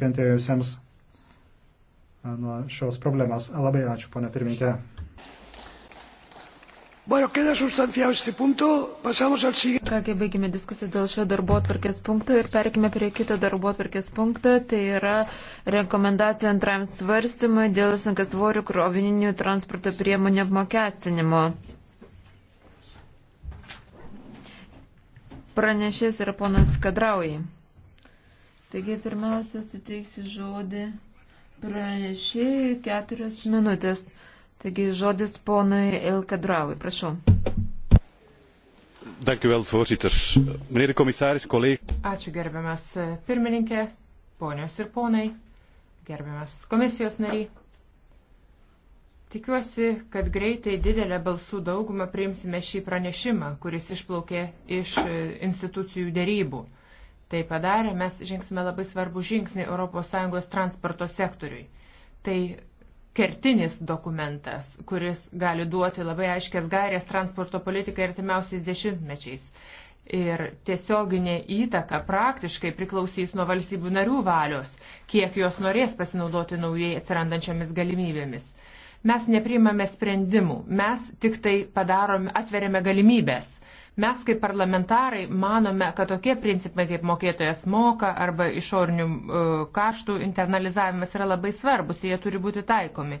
kentėjusiems e, nuo šios problemos. Labai ačiū, ponė pirmininkė. Kągi baigime diskusiją dėl šio darbo atvarkės punkto ir perkime prie kito darbo atvarkės punkto. Tai yra rekomendacijų antrajam svarstymui dėl sunkasvorių krovininių transporto priemonių apmokestinimo. Pranešės yra ponas Kadraujai. Taigi pirmiausia, suteiksiu žodį pranešėjai keturias minutės. Taigi žodis ponui Elkadravui, prašau. Dankjewel, voorzitter. Meneer de commissaris, collega. Ačiū gerbiamas e, pirmininkė, ponios ir ponai, gerbiamas komisijos nariai. Tikiuosi, kad greitai didelę balsų daugumą priimsime šį pranešimą, kuris išplaukė iš e, institucijų dėrybų tai padarę, mes žingsime labai svarbų žingsnį ES transporto sektoriui. Tai kertinis dokumentas, kuris gali duoti labai aiškės gairės transporto politikai artimiausiais dešimtmečiais. Ir tiesioginė įtaka praktiškai priklausys nuo valstybių narių valios, kiek jos norės pasinaudoti naujai atsirandančiomis galimybėmis. Mes neprimame sprendimų, mes tik tai padarome, atveriame galimybės Mes kaip parlamentarai manome, kad tokie principai kaip mokėtojas moka arba išorinių e, kaštų internalizavimas yra labai svarbus ir jie turi būti taikomi.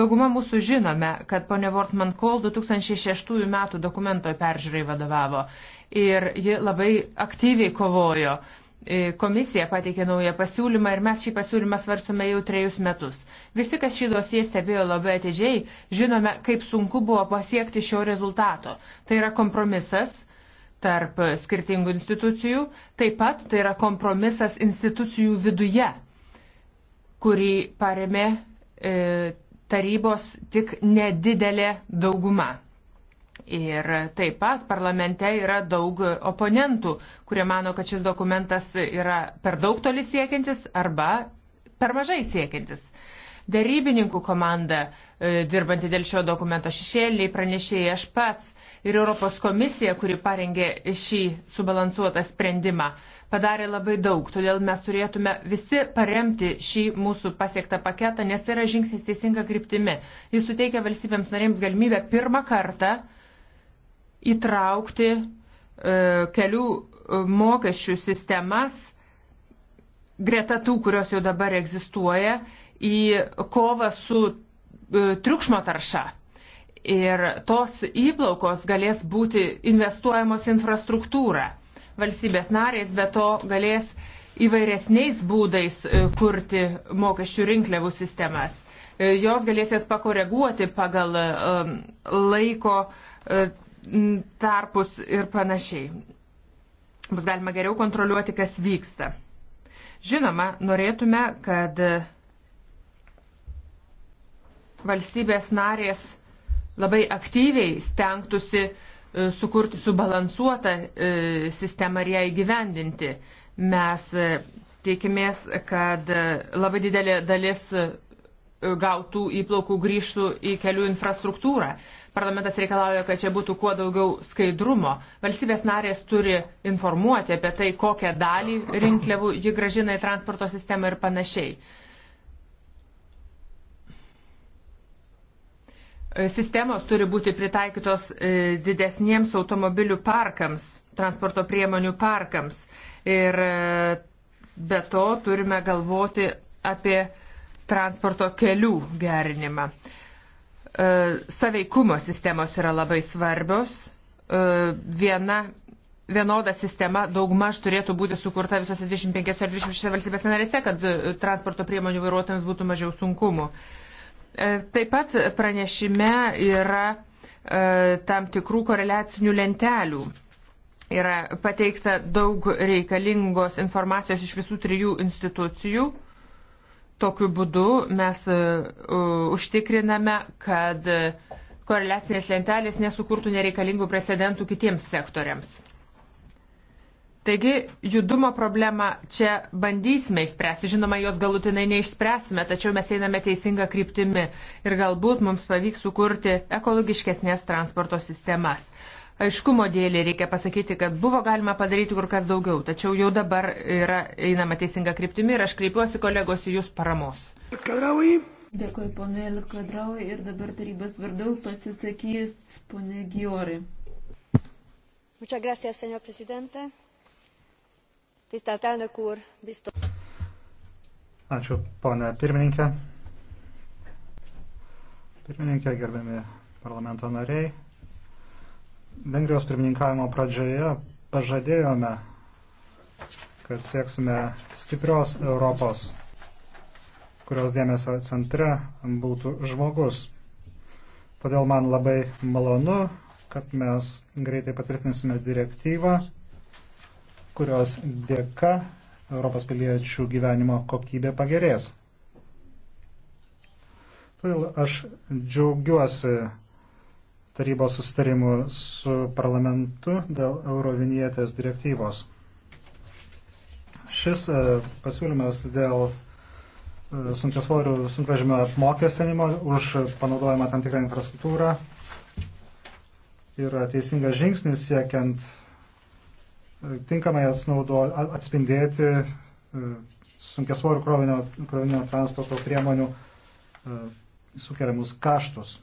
Dauguma mūsų žinome, kad ponė Wortman Kohl 2006 metų dokumento peržiūrai vadovavo ir ji labai aktyviai kovojo E, komisija pateikė naują pasiūlymą ir mes šį pasiūlymą svarsome jau trejus metus. Visi, kas šį dosiją stebėjo labai atidžiai, žinome, kaip sunku buvo pasiekti šio rezultato. Tai yra kompromisas tarp skirtingų institucijų, taip pat tai yra kompromisas institucijų viduje, kurį paremė e, tarybos tik nedidelė dauguma. Ir taip pat parlamente yra daug oponentų, kurie mano, kad šis dokumentas yra per daug toli siekiantis arba per mažai siekiantis. Darybininkų komanda, e, dirbanti dėl šio dokumento šešėliai, pranešėjai aš pats ir Europos komisija, kuri parengė šį subalansuotą sprendimą, padarė labai daug. Todėl mes turėtume visi paremti šį mūsų pasiektą paketą, nes tai yra žingsnis teisinga kryptimi. Jis suteikia valstybėms narėms galimybę pirmą kartą uh, įtraukti e, kelių e, mokesčių sistemas greta tų, kurios jau dabar egzistuoja, į kovą su e, triukšmo tarša. Ir tos įplaukos galės būti investuojamos infrastruktūrą. Valstybės narės be to galės įvairesniais būdais kurti mokesčių rinkliavų sistemas. Jos galės jas pakoreguoti pagal laiko tarpus ir panašiai. Bus galima geriau kontroliuoti, kas vyksta. Žinoma, norėtume, kad valstybės narės labai aktyviai stengtųsi e, sukurti subalansuotą e, sistemą ir ją įgyvendinti. Mes e, tikimės, kad labai didelė dalis gautų įplaukų grįžtų į kelių infrastruktūrą. Parlamentas reikalauja, kad čia būtų kuo daugiau skaidrumo. Valstybės narės turi informuoti apie tai, kokią dalį rinkliavų ji gražina į transporto sistemą ir panašiai. Sistemos turi būti pritaikytos e, didesniems automobilių parkams, transporto priemonių parkams. Ir e, be to turime galvoti apie transporto kelių gerinimą. E, saveikumo sistemos yra labai svarbios. E, viena vienoda sistema daugmaž turėtų būti sukurta visose 25 ar 26 valstybės narėse, kad e, transporto priemonių vairuotojams būtų mažiau sunkumų. Taip pat pranešime yra tam tikrų koreliacinių lentelių. Yra pateikta daug reikalingos informacijos iš visų trijų institucijų Tokiu būdu mes e, užtikriname, kad koreliacinės lentelės nesukurtų nereikalingų precedentų kitiems sektoriams. Taigi judumo problemą čia bandysime išspręsti. Žinoma, jos galutinai neišspręsime, tačiau mes einame teisinga kryptimi ir galbūt mums pavyks sukurti ekologiškesnės transporto sistemas aiškumo dėlį reikia pasakyti, kad buvo galima padaryti kur kas daugiau, tačiau jau dabar yra einama teisinga kryptimi ir aš kreipiuosi kolegos į jūs paramos. Kadraui. Dėkui, ponė Elkadraui ir dabar tarybos vardu pasisakys ponė Giori. Muchas gracias, señor presidente. Tisztelt elnök úr, biztos. Ačiū, ponė pirmininkė. Pirmininkė, gerbiami parlamento nariai, Vengrijos pirmininkavimo pradžioje pažadėjome, kad sieksime stiprios Europos, kurios dėmesio centre būtų žmogus. Todėl man labai malonu, kad mes greitai patvirtinsime direktyvą, kurios dėka Europos piliečių gyvenimo kokybė pagerės. Todėl aš džiaugiuosi tarybos susitarimu su parlamentu dėl Eurovinietės direktyvos. Šis e, pasiūlymas dėl e, sunkiasvorių sunkvežimio apmokestinimo už panaudojimą tam tikrą infrastruktūrą yra teisingas žingsnis siekiant e, tinkamai atsnaudo, atspindėti sunkiasvorių krovinio, krovinio transporto priemonių sukeliamus kaštus.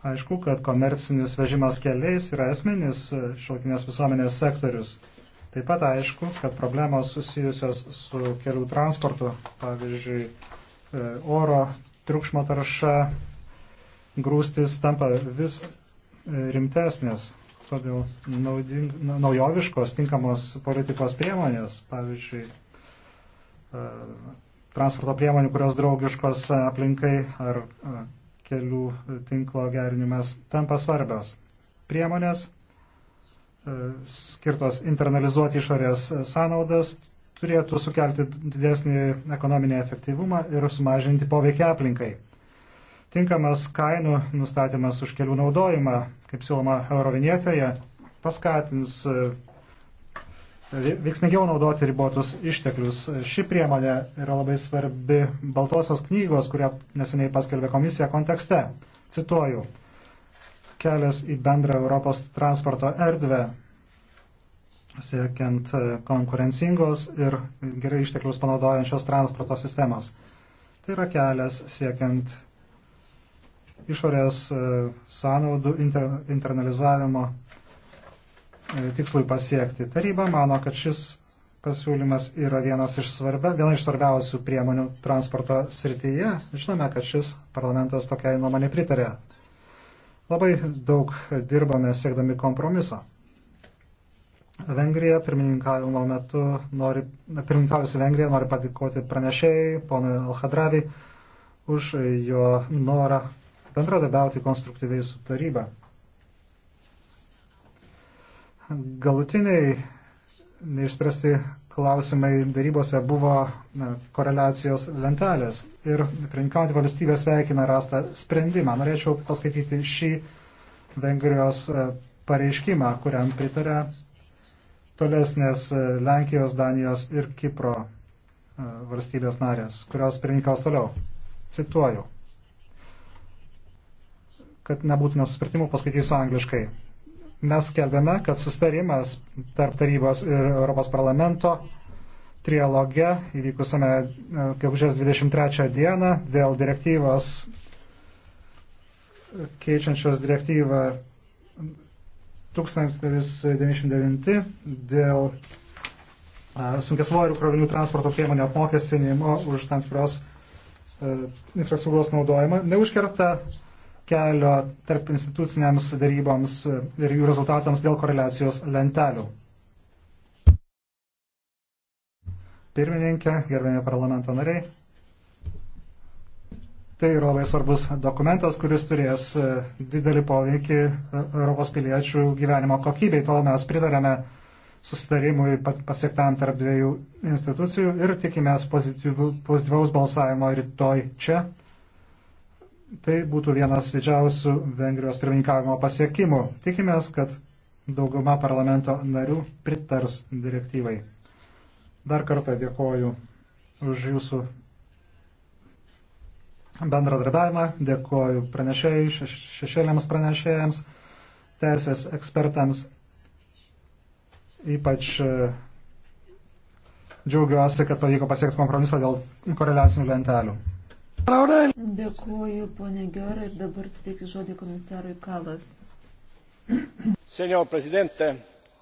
Aišku, kad komercinis vežimas keliais yra esminis e, šilkinės visuomenės sektorius. Taip pat aišku, kad problemos susijusios su kelių transportu, pavyzdžiui, e, oro triukšmo tarša, grūstis tampa vis e, rimtesnės. Todėl nauding, naujoviškos tinkamos politikos priemonės, pavyzdžiui, transporto priemonių, kurios draugiškos aplinkai ar kelių tinklo gerinimas tampa svarbios. Priemonės e, skirtos internalizuoti išorės sąnaudas turėtų sukelti didesnį ekonominį efektyvumą ir sumažinti poveikį aplinkai. Tinkamas kainų nustatymas už kelių naudojimą, kaip siūloma Eurovinietėje, paskatins e, veiksmingiau naudoti ribotus išteklius. Ši priemonė yra labai svarbi Baltosios knygos, kurią neseniai paskelbė komisija kontekste. Cituoju. Kelias į bendrą Europos transporto erdvę siekiant e, konkurencingos ir gerai išteklius panaudojančios transporto sistemos. Tai yra kelias siekiant išorės e, sąnaudų inter, internalizavimo E, tikslui pasiekti. Taryba mano, kad šis pasiūlymas yra vienas iš svarbia, viena iš svarbiausių priemonių transporto srityje. Žinome, kad šis parlamentas tokiai nuomonė pritarė. Labai daug dirbame siekdami kompromiso. Vengrija pirmininkavimo metu nori, pirmininkavusi Vengrija nori padėkoti pranešėjai, ponui Alhadravi, už jo norą bendradabiauti konstruktyviai su taryba galutiniai neišspręsti klausimai darybose buvo na, koreliacijos lentelės. Ir prinkauti valstybės veikina rastą sprendimą. Norėčiau paskaityti šį Vengrijos e, pareiškimą, kuriam pritarė tolesnės e, Lenkijos, Danijos ir Kipro e, valstybės narės, kurios prininkaus toliau. Cituoju. Kad nebūtų nesusipratimų, paskaitysiu angliškai mes skelbėme, kad sustarimas tarp tarybos ir Europos parlamento trialoge įvykusame e, gegužės 23 dieną dėl direktyvos keičiančios direktyvą 1999 dėl e, sunkesvorių krovinių transporto priemonių apmokestinimo už tam tikros e, infrastruktūros naudojimą neužkerta kelio tarp instituciniams daryboms ir jų rezultatams dėl koreliacijos lentelių. Pirmininkė, gerbėmi parlamento nariai, tai yra labai svarbus dokumentas, kuris turės e, didelį poveikį e, Europos piliečių gyvenimo kokybei. Tol mes pritarėme susitarimui pasiektam tarp dviejų institucijų ir tikimės pozityvaus balsavimo rytoj čia. Tai būtų vienas didžiausių Vengrijos pirmininkavimo pasiekimų. Tikimės, kad dauguma parlamento narių pritars direktyvai. Dar kartą dėkoju už jūsų bendradarbiavimą, dėkoju pranešėjai, šešėliams pranešėjams, teisės ekspertams. Ypač e, džiaugiuosi, kad pavyko pasiekti kompromisą dėl koreliacinių lentelių. Dėkuoju, ponė Gerai, ir dabar suteikiu žodį komisarui Kalas. Senior prezidente,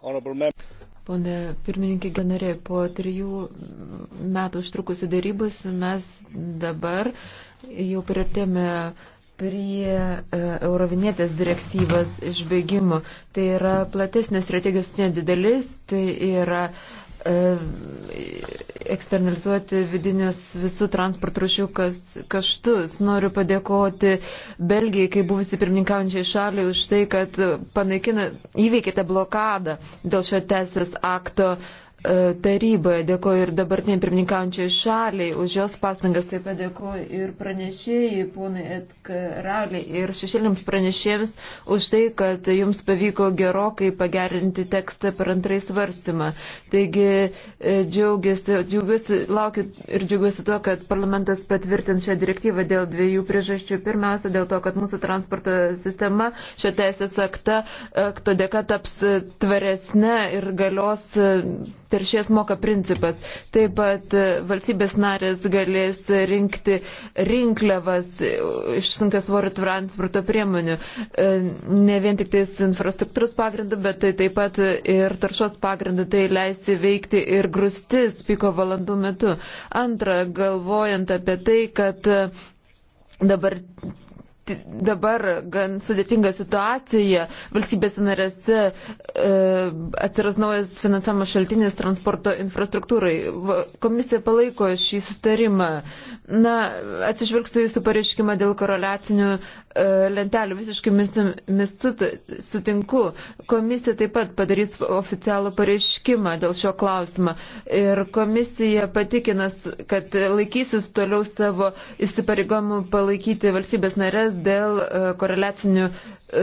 honorable members. Pone pirmininkė generė, po trijų metų užtrukusių darybus mes dabar jau priartėme prie e, Eurovinėtės direktyvos išbėgimo. Tai yra platesnė strategijos nedidelis, tai yra uh, E, eksternalizuoti vidinius visų transporto rušių kaštus. Noriu padėkoti Belgijai, kai buvusi pirmininkaujančiai šaliai, už tai, kad panaikina, įveikėte blokadą dėl šio teisės akto E, taryboje, dėkoju ir dabartiniai pirmininkaujančiai šaliai už jos pastangas, taip pat dėkoju ir pranešėjai, ponai Etkaraliai, ir šešėliams pranešėjams už tai, kad jums pavyko gerokai pagerinti tekstą per antrąjį svarstymą. Taigi e, džiaugiuosi, džiaugiuosi, laukiu ir džiaugiuosi tuo, kad parlamentas patvirtins šią direktyvą dėl dviejų priežasčių. Pirmiausia, dėl to, kad mūsų transporto sistema šio teisės akta, akto dėka taps tvaresnė ir galios teršės moka principas. Taip pat e, valstybės narės galės rinkti rinkliavas iš sunkas svorio transporto priemonių. E, ne vien tik tais infrastruktūros pagrindų, bet tai taip pat ir taršos pagrindų. Tai leisi veikti ir grūstis piko valandų metu. Antra, galvojant apie tai, kad e, dabar dabar gan sudėtinga situacija. Valstybės narėse e, atsiras naujas finansavimo šaltinis transporto infrastruktūrai. Komisija palaiko šį sustarimą. Na, atsižvelgsiu jūsų pareiškimą dėl koreliacinių e, lentelių. Visiškai mis, mis sutinku. Komisija taip pat padarys oficialų pareiškimą dėl šio klausimą. Ir komisija patikinas, kad laikysis toliau savo įsipareigomų palaikyti valstybės narės dėl e, koreliacinių e,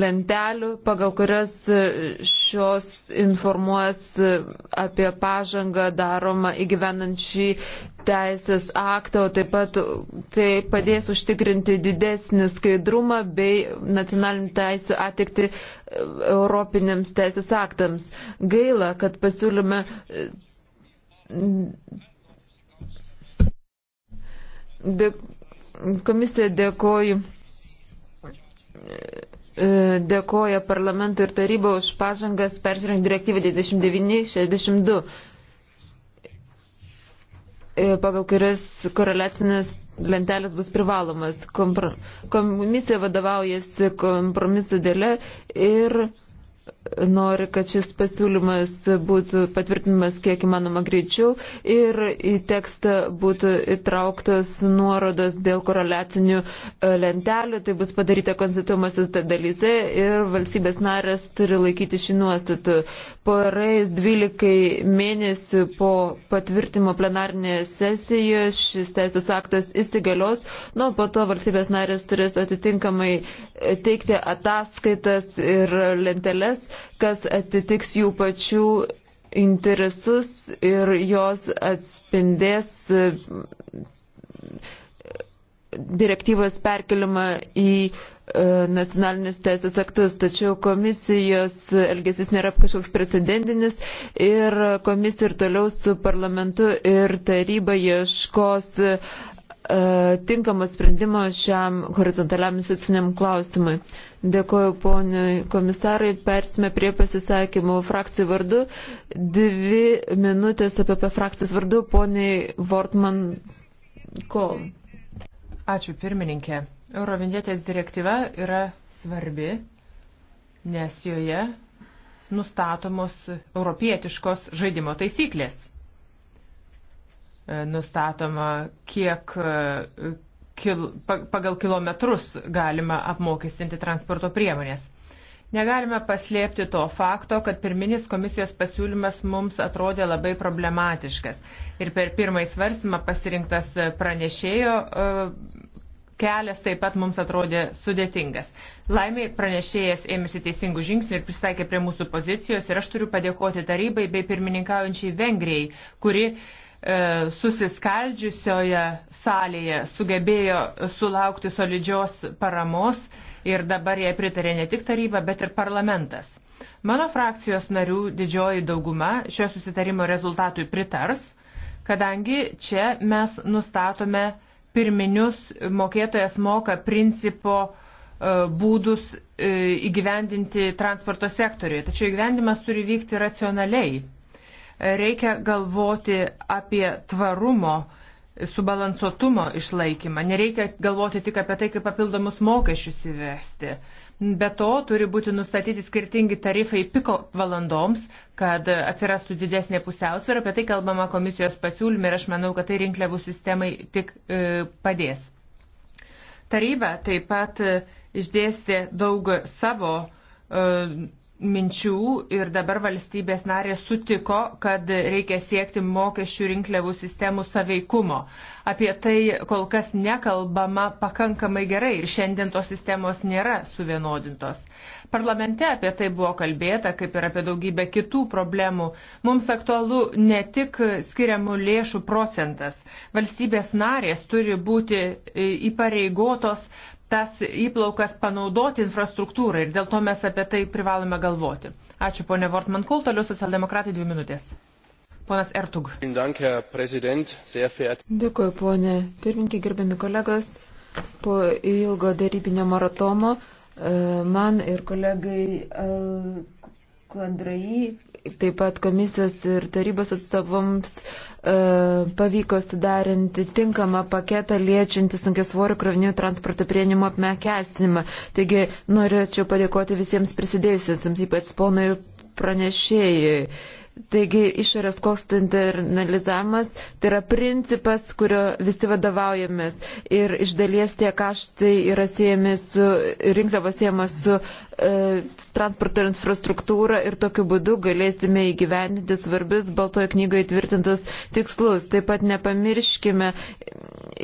lentelių, pagal kurias e, šios informuos apie pažangą daromą įgyvenant šį teisės aktą, o taip pat tai padės užtikrinti didesnį skaidrumą bei nacionalinių teisų atikti europinėms teisės aktams. Gaila, kad pasiūlyme Dėk, Komisija dėkoju. E, dėkoja parlamentui ir taryba už pažangas peržiūrint direktyvą 2962 e, pagal kurias koreliacinės lentelės bus privalomas. Kompro, komisija vadovaujasi kompromisu dėlė ir nori, kad šis pasiūlymas būtų patvirtinimas kiek įmanoma greičiau ir į tekstą būtų įtrauktos nuorodos dėl koreliacinių e, lentelių. Tai bus padaryta konstitucijos dalyse ir valstybės narės turi laikyti šį nuostatų. Praėjus 12 mėnesių po patvirtimo plenarinėje sesijoje šis teisės aktas įsigalios, nuo po to valstybės narės turės atitinkamai e, teikti ataskaitas ir lenteles, kas atitiks jų pačių interesus ir jos atspindės e, direktyvos perkelimą į E, nacionalinius teisės aktus, tačiau komisijos elgesys nėra kažkoks precedentinis ir komisija ir toliau su parlamentu ir taryba ieškos e, tinkamo sprendimo šiam horizontaliam instituciniam klausimui. Dėkoju poniai komisarai, persime prie pasisakymų frakcijų vardu. Dvi minutės apie, apie frakcijos vardu, poniai Vortman Kol. Ačiū pirmininkė. Eurovindėtės direktyva yra svarbi, nes joje nustatomos europietiškos žaidimo taisyklės. E, nustatoma, kiek e, kil, pagal kilometrus galima apmokestinti transporto priemonės. Negalime paslėpti to fakto, kad pirminis komisijos pasiūlymas mums atrodė labai problematiškas ir per pirmąjį svarstymą pasirinktas pranešėjo e, kelias taip pat mums atrodė sudėtingas. Laimiai pranešėjas ėmėsi teisingų žingsnių ir pristaikė prie mūsų pozicijos ir aš turiu padėkoti tarybai bei pirmininkaujančiai Vengrijai, kuri e, susiskaldžiusioje salėje sugebėjo sulaukti solidžios paramos ir dabar jai pritarė ne tik taryba, bet ir parlamentas. Mano frakcijos narių didžioji dauguma šio susitarimo rezultatui pritars, kadangi čia mes nustatome pirminius mokėtojas moka principo e, būdus e, įgyvendinti transporto sektoriuje. Tačiau įgyvendimas turi vykti racionaliai. Reikia galvoti apie tvarumo, subalansuotumo išlaikymą. Nereikia galvoti tik apie tai, kaip papildomus mokesčius įvesti. Be to turi būti nustatyti skirtingi tarifai piko valandoms, kad atsirastų didesnė pusiausvėra. Apie tai kalbama komisijos pasiūlymė ir aš manau, kad tai rinkliavų sistemai tik e, padės. Taryba taip pat e, išdėstė daug savo e, minčių ir dabar valstybės narės sutiko, kad reikia siekti mokesčių rinkliavų sistemų saveikumo. Apie tai kol kas nekalbama pakankamai gerai ir šiandien tos sistemos nėra suvienodintos. Parlamente apie tai buvo kalbėta, kaip ir apie daugybę kitų problemų. Mums aktualu ne tik skiriamų lėšų procentas. Valstybės narės turi būti įpareigotos tas įplaukas panaudoti infrastruktūrai ir dėl to mes apie tai privalome galvoti. Ačiū ponė Vortman Kul, toliau socialdemokratai dvi minutės. Ponas Ertug. Dėkuoju ponė pirmininkė, gerbiami kolegos. Po ilgo darybinio maratomo e, man ir kolegai Kondrai taip pat komisijos ir tarybos atstovams e, pavyko sudarinti tinkamą paketą liečiantį sunkia svorio krovinių transporto prieinimo apmekestinimą. Taigi norėčiau padėkoti visiems prisidėjusiems, ypač ponui pranešėjai. Taigi išorės kostų internalizavimas tai yra principas, kurio visi vadovaujamės. Ir iš dalies tie kaštai yra siejami su rinkliavos siejamas su e, transporto infrastruktūra ir tokiu būdu galėsime įgyveninti svarbius Baltojo knygoje tvirtintus tikslus. Taip pat nepamirškime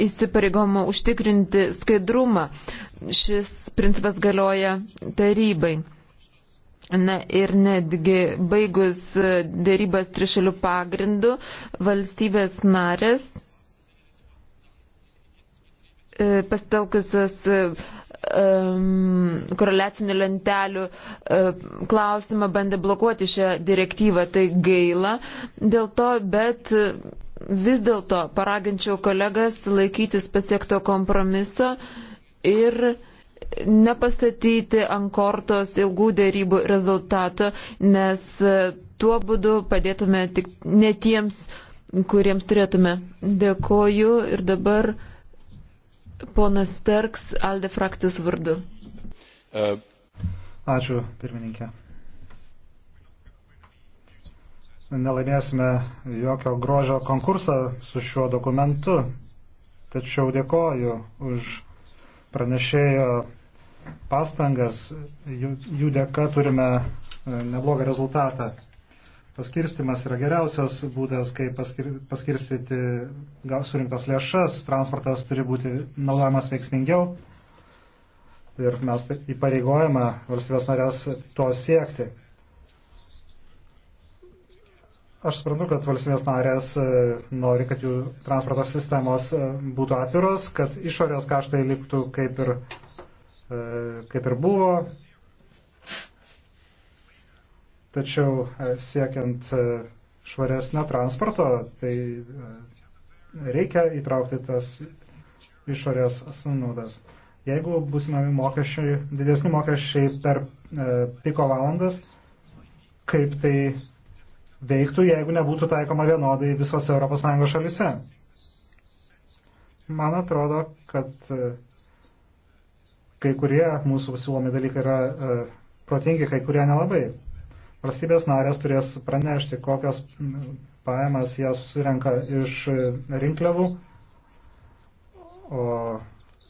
įsipareigomą užtikrinti skaidrumą. Šis principas galioja tarybai. Na ir netgi baigus e, dėrybas trišalių pagrindų, valstybės narės e, pastelkusios um, e, koreliacinių lentelių um, klausimą bandė blokuoti šią direktyvą, tai gaila dėl to, bet vis dėlto paraginčiau kolegas laikytis pasiekto kompromiso ir nepastatyti ant kortos ilgų dėrybų rezultato, nes e, tuo būdu padėtume tik ne tiems, kuriems turėtume. Dėkoju ir dabar ponas Terks Alde frakcijos vardu. E. Ačiū, pirmininkė. Nelaimėsime jokio grožio konkursą su šiuo dokumentu, tačiau dėkoju už pranešėjo pastangas, jų, jų dėka turime e, neblogą rezultatą. Paskirstimas yra geriausias būdas, kaip paskir, paskirstyti surinktas lėšas, transportas turi būti naudojamas veiksmingiau ir mes tai įpareigojame valstybės narės to siekti. Aš suprantu, kad valstybės narės e, nori, kad jų transporto sistemos e, būtų atviros, kad išorės kaštai liktų kaip ir E, kaip ir buvo, tačiau e, siekiant e, švaresnio transporto, tai reikia įtraukti tas išorės sąnaudas. Jeigu busime mokesčiai, didesni mokesčiai per e, piko valandas, kaip tai veiktų, jeigu nebūtų taikoma vienodai visose ES šalise. Man atrodo, kad kai kurie mūsų siūlomi dalykai yra e, protingi, kai kurie nelabai. Valstybės narės turės pranešti, kokias pajamas jas surenka iš e, rinkliavų, o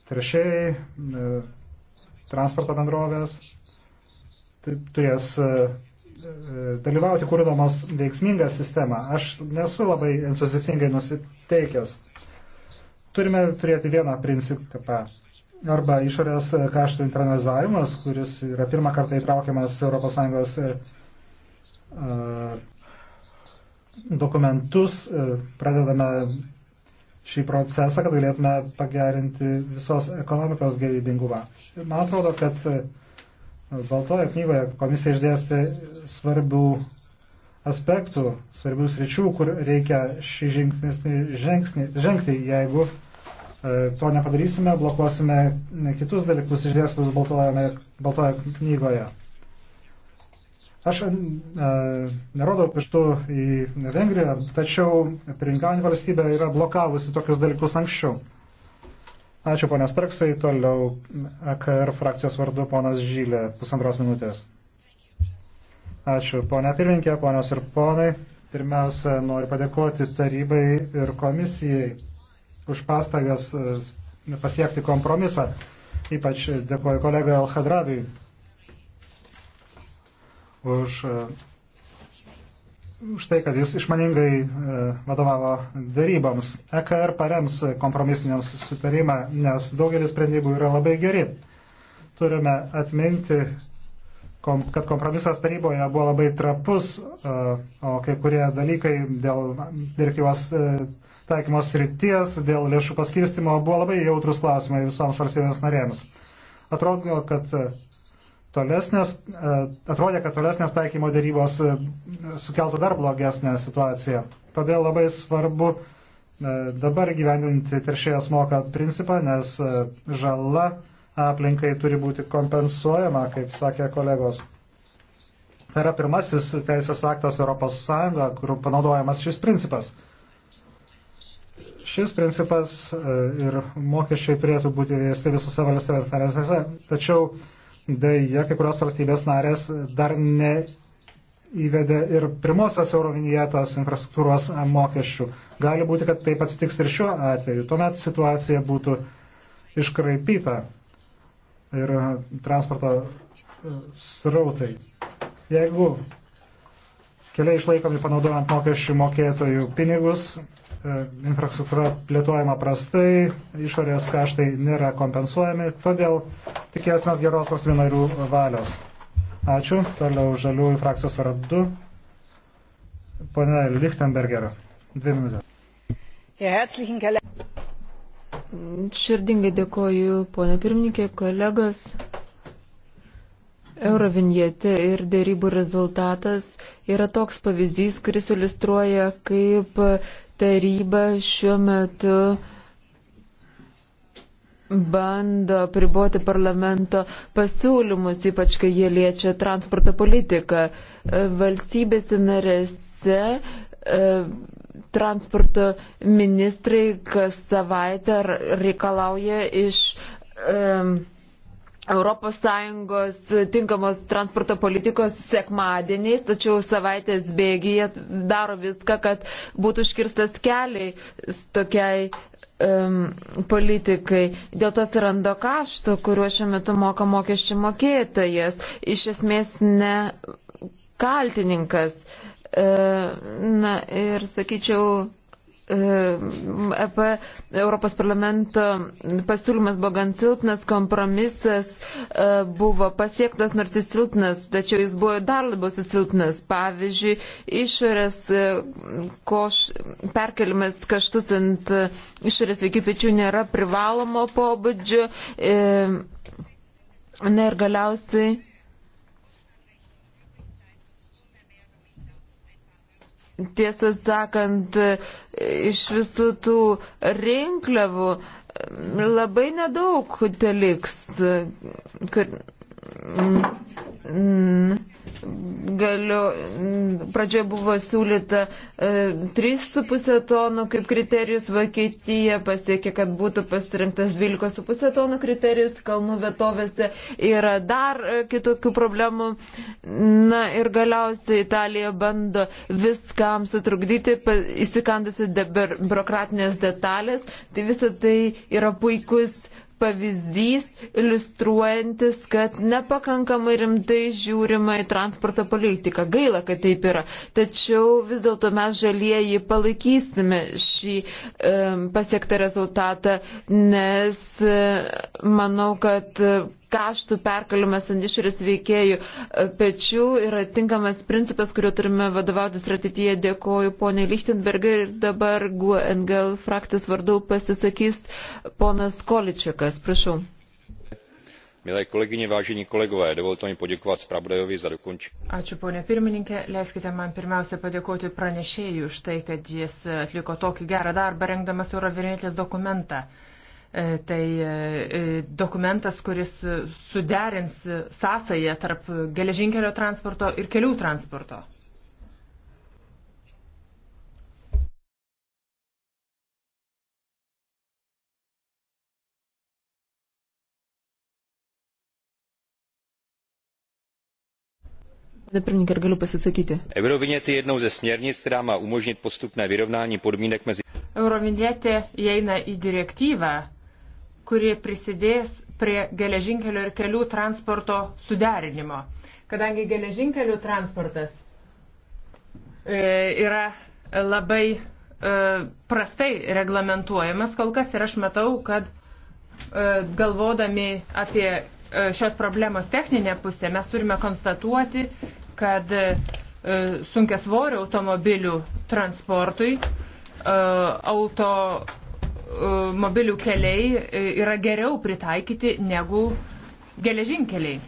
trešėjai, e, transporto bendrovės tai turės e, e dalyvauti kūrinamas veiksmingą sistemą. Aš nesu labai entuzicingai nusiteikęs. Turime turėti vieną principą arba išorės kaštų internalizavimas, kuris yra pirmą kartą įtraukiamas ES e, dokumentus, e, pradedame šį procesą, kad galėtume pagerinti visos ekonomikos gyvybingumą. Man atrodo, kad e, Baltojo knygoje komisija išdėstė svarbių aspektų, svarbių sričių, kur reikia šį žingsnį žengti, jeigu E, to nepadarysime, blokuosime kitus dalykus išdėstus baltoje knygoje. Aš e, nerodau pirštų į Vengriją, tačiau pirinkaujant valstybė yra blokavusi tokius dalykus anksčiau. Ačiū ponės Traksai, toliau AKR e frakcijos vardu ponas Žylė, pusantros minutės. Ačiū ponė pirmininkė, ponios ir ponai. Pirmiausia, noriu padėkoti tarybai ir komisijai už pastagas e, pasiekti kompromisą. Ypač dėkuoju kolegai Alhadraviui už, e, už tai, kad jis išmaningai e, vadovavo daryboms. EKR parems kompromisinį susitarimą, nes daugelis sprendimų yra labai geri. Turime atminti, kad kompromisas taryboje buvo labai trapus, o kai kurie dalykai dėl direktyvos taikymos ryties, dėl lėšų paskirstimo buvo labai jautrus klausimai visoms valstybėms narėms. Atrodo, kad tolesnės, e, atrodė, kad tolesnės taikymo dėrybos e, sukeltų dar blogesnę situaciją. Todėl labai svarbu e, dabar gyvendinti teršėjas moka principą, nes žala aplinkai turi būti kompensuojama, kaip sakė kolegos. Tai yra pirmasis teisės aktas ES, kur panaudojamas šis principas. Šis principas e, ir mokesčiai turėtų būti įvesti visose valstybės narėse, tačiau dėja kai kurios valstybės narės dar neįvedė ir pirmosios eurovinjetos infrastruktūros e, mokesčių. Gali būti, kad taip atsitiks ir šiuo atveju. Tuomet situacija būtų iškraipyta ir e, transporto srautai. Jeigu keliai išlaikomi panaudojant mokesčių mokėtojų pinigus, E, infrastruktūra plėtojama prastai, išorės kaštai nėra kompensuojami, todėl tikėsime geros valstybių narių valios. Ačiū. Toliau žaliųjų frakcijos vardu. Pone Lichtenberger, dvi minutės. Širdingai dėkoju, ponė pirmininkė, kolegos. Eurovinietė ir dėrybų rezultatas yra toks pavyzdys, kuris iliustruoja, kaip taryba šiuo metu bando priboti parlamento pasiūlymus, ypač kai jie liečia transporto politiką. E, valstybėse narėse e, transporto ministrai kas savaitę reikalauja iš um, ES tinkamos transporto politikos sekmadieniais, tačiau savaitės bėgyje daro viską, kad būtų iškirstas keliai tokiai um, politikai. Dėl to atsiranda kaštų, kuriuo šiuo metu moka mokesčių mokėtojas. Iš esmės ne kaltininkas. E, na ir sakyčiau, EP e Europos parlamento pasiūlymas buvo gan silpnas, kompromisas e, buvo pasiektas, nors jis silpnas, tačiau jis buvo dar labiau susilpnas. Pavyzdžiui, išorės e, koš, perkelimas kaštus ant išorės veikių pečių nėra privalomo pobūdžio. Na ir galiausiai tiesą sakant, iš visų tų rinkliavų labai nedaug teliks. Kad, mm, galiu, pradžioje buvo siūlyta 3,5 e, tonų kaip kriterijus, Vokietija pasiekė, kad būtų pasirinktas 12,5 tonų kriterijus, kalnų vietovėse yra dar e, kitokių problemų. Na ir galiausiai Italija bando viskam sutrukdyti, įsikandusi biurokratinės detalės. Tai visa tai yra puikus pavyzdys, iliustruojantis, kad nepakankamai rimtai žiūrima į transporto politiką. Gaila, kad taip yra. Tačiau vis dėlto mes žalieji palaikysime šį um, pasiektą rezultatą, nes manau, kad kaštų perkalimas ant išorės veikėjų e, pečių yra tinkamas principas, kuriuo turime vadovautis ateityje. Dėkoju ponė Lichtenberger ir dabar GUNGL frakcijos vardu pasisakys ponas Količiakas. Prašau. Milé kolegyně, vážení kolegové, dovolte mi poděkovat zpravodajovi za dokončení. Ačiū, ponė pirmininkė. Leiskite man pirmiausia padėkoti pranešėjui už tai, kad jis atliko tokį gerą darbą rengdamas Eurovirinėtės dokumentą. E, tai e, e, dokumentas, kuris suderins sąsąją tarp geležinkelio transporto ir kelių transporto. Eurovinět je jednou ze směrnic, která má umožnit postupné vyrovnání podmínek mezi. Eurovinět je jedna i direktiva, kuri prisidės prie geležinkelio ir kelių transporto suderinimo. Kadangi geležinkelių transportas e, yra labai e, prastai reglamentuojamas kol kas ir aš matau, kad e, galvodami apie šios problemos techninę pusę mes turime konstatuoti, kad sunkia svorio automobilių transportui auto E, mobilių keliai e, yra geriau pritaikyti negu geležinkeliai.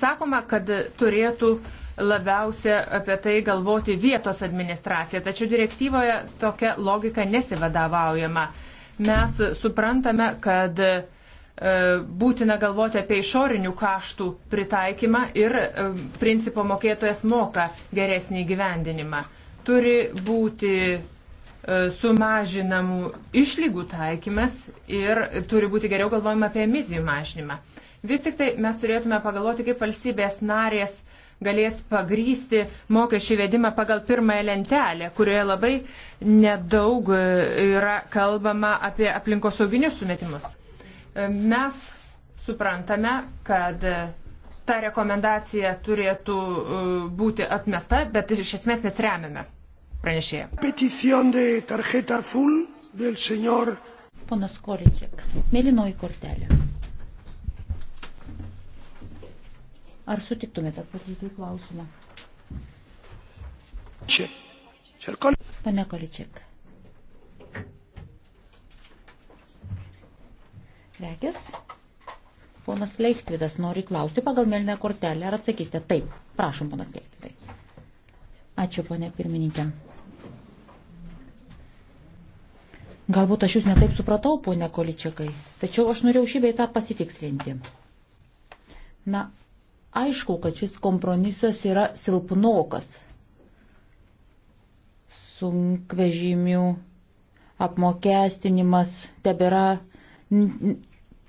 Sakoma, kad turėtų labiausia apie tai galvoti vietos administracija, tačiau direktyvoje tokia logika nesivadavaujama. Mes suprantame, kad e, būtina galvoti apie išorinių kaštų pritaikymą ir principo mokėtojas moka geresnį gyvendinimą. Turi būti E, sumažinamų išlygų taikymas ir turi būti geriau galvojama apie emisijų mažinimą. Vis tik tai mes turėtume pagalvoti, kaip valstybės narės galės pagrysti mokesčių vedimą pagal pirmąją lentelę, kurioje labai nedaug yra kalbama apie aplinkosauginius sumetimus. E, mes suprantame, kad ta rekomendacija turėtų e, būti atmesta, bet iš esmės mes remiame pranešėja. Peticijon de tarjeta azul del senor. Ponas Količiak, mėlynoji kortelė. Ar sutiktumėte atsakyti į klausimą? Čia. Pane Količiak. Regis. Ponas Leichtvidas nori klausti pagal mėlyną kortelę. Ar atsakysite? Taip. Prašom, ponas Leichtvidai. Ačiū, ponė pirmininkė. Galbūt aš jūs netaip supratau, ponė Količiakai, tačiau aš norėjau šį beitą pasitikslinti. Na, aišku, kad šis kompromisas yra silpnokas. Sunkvežimių apmokestinimas tebėra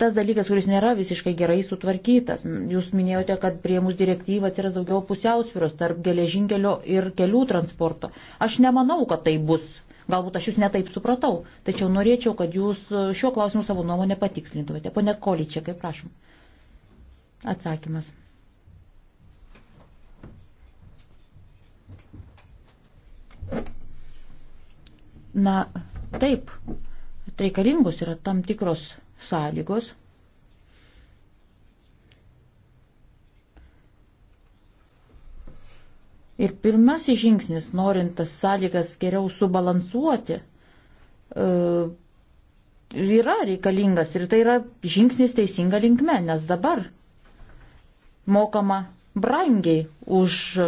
tas dalykas, kuris nėra visiškai gerai sutvarkytas. Jūs minėjote, kad prie mūsų direktyvą atsiras daugiau pusiausvyros tarp geležinkelio ir kelių transporto. Aš nemanau, kad tai bus Galbūt aš jūs netaip supratau, tačiau norėčiau, kad jūs e, šiuo klausimu savo nuomonę patikslintumėte. Pone Kolyčiakai, prašom. Atsakymas. Na, taip, reikalingos yra tam tikros sąlygos Ir pirmasis žingsnis, norint tas sąlygas geriau subalansuoti, e, yra reikalingas ir tai yra žingsnis teisinga linkme, nes dabar mokama brangiai už e,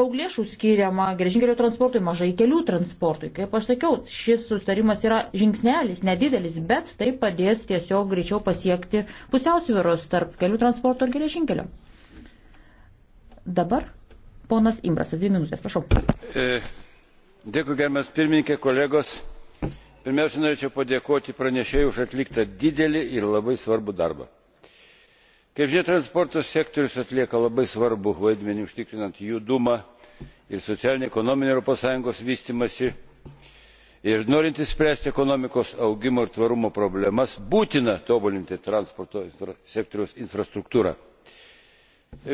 daug lėšų skiriama geležinkelio transportui, mažai kelių transportui. Kaip aš sakiau, šis sustarimas yra žingsnelis, nedidelis, bet tai padės tiesiog greičiau pasiekti pusiausvėros tarp kelių transporto ir geležinkelio. Dabar Ponas Imbrasas, dvi minutės, prašau. E, dėkui, gerbiamas pirmininkė, kolegos. Pirmiausia, norėčiau padėkoti pranešėjai už atliktą didelį ir labai svarbų darbą. Kaip žinia, transporto sektorius atlieka labai svarbu vaidmenį užtikrinant judumą ir socialinį ekonominį Europos Sąjungos vystimasi. Ir norint išspręsti ekonomikos augimo ir tvarumo problemas, būtina tobulinti transporto sektoriaus infrastruktūrą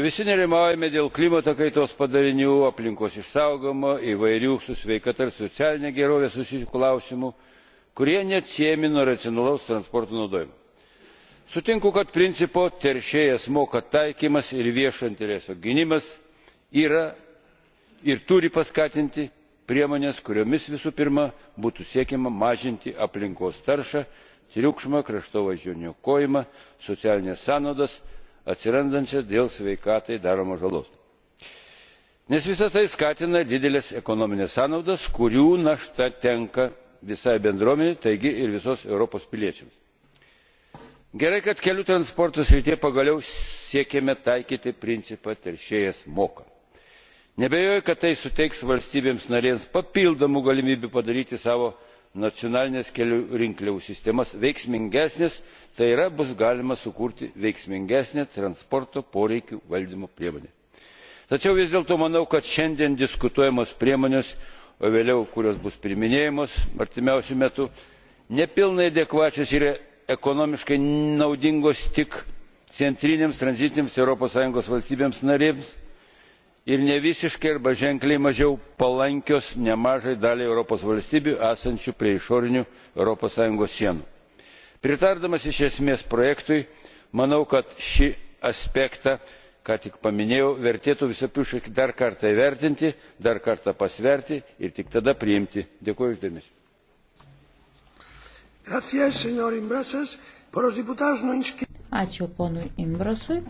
visi nerimaujame dėl klimato kaitos padarinių aplinkos išsaugojimo įvairių su sveikata ir socialine gerove susijusių klausimų kurie neatsiejami nuo racionalaus transporto naudojimo. sutinku kad principo teršėjas moka taikymas ir viešojo intereso gynimas yra ir turi paskatinti priemones kuriomis visų pirma būtų siekiama mažinti aplinkos taršą triukšmą kraštovaizdžio niokojimą socialines sąnaudas atsirandančią dėl sveikatai daromos žalos nes visa tai skatina dideles ekonomines sąnaudas kurių našta tenka visai bendruomenei taigi ir visos europos piliečiams. gerai kad kelių transporto srityje pagaliau siekiame taikyti principą teršėjas moka. neabejoju kad tai suteiks valstybėms narėms papildomų galimybių padaryti savo nacionalines kelių rinkliavų sistemas veiksmingesnės tai yra bus galima sukurti veiksmingesnę transporto poreikių valdymo priemonę. tačiau vis dėlto manau kad šiandien diskutuojamos priemonės o vėliau kurios bus priiminėjamos artimiausiu metu nepilnai adekvačios ir ekonomiškai naudingos tik centrinėms tranzitinėms europos sąjungos valstybėms narėms ir nevisiškai arba ženkliai mažiau palankios nemažai daliai europos valstybių esančių prie išorinių europos sąjungos sienų. pritardamas iš esmės projektui manau kad šį aspektą ką tik paminėjau vertėtų visapusiškai dar kartą įvertinti dar kartą pasverti ir tik tada priimti. dėkoju uždėmesi. ačiū ponui imbrasui.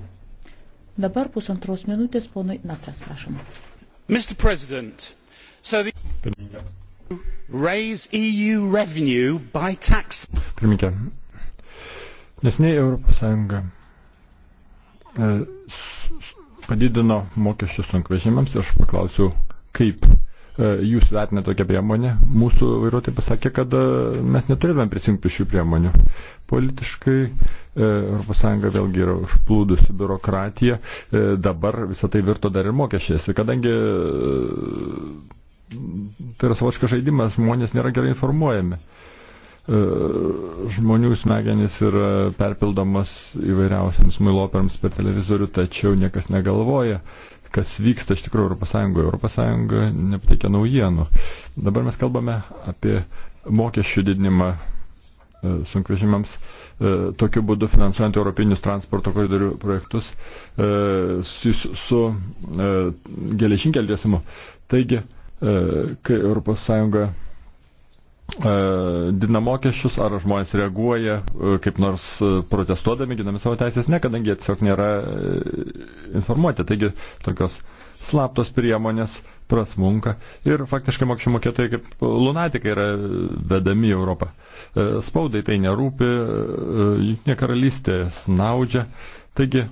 Dabar pusantros minutės ponui Natras, prašom. Mr. President, so the raise EU revenue by tax. Pirmininkė, nesiniai ES e, padidino mokesčius sunkvežimams ir aš paklausiau, kaip E, jūs vertina tokią priemonę. Mūsų vairuotojai pasakė, kad e, mes neturėtume prisijungti šių priemonių. Politiškai ES vėlgi yra užplūdusi biurokratija, e, dabar visą tai virto dar ir mokesčiais. Ir kadangi tai yra savočkas žaidimas, žmonės nėra gerai informuojami žmonių smegenys yra perpildomas įvairiausiams mailoperams per televizorių, tačiau niekas negalvoja, kas vyksta iš tikrųjų Europos Sąjungoje. Europos Sąjunga nepateikia naujienų. Dabar mes kalbame apie mokesčių didinimą e, sunkvežimams, e, tokiu būdu finansuojant europinius transporto koridorių projektus e, su, su geležinkelio tiesimu. Taigi, kai ES E, didina mokesčius, ar žmonės reaguoja e, kaip nors e, protestuodami, ginami savo teisės, ne, kadangi jie tiesiog nėra informuoti. Taigi tokios slaptos priemonės prasmunka ir faktiškai mokesčių mokėtojai kaip lunatikai yra vedami į Europą. Spaudai tai nerūpi, jungtinė karalystė snaudžia. Taigi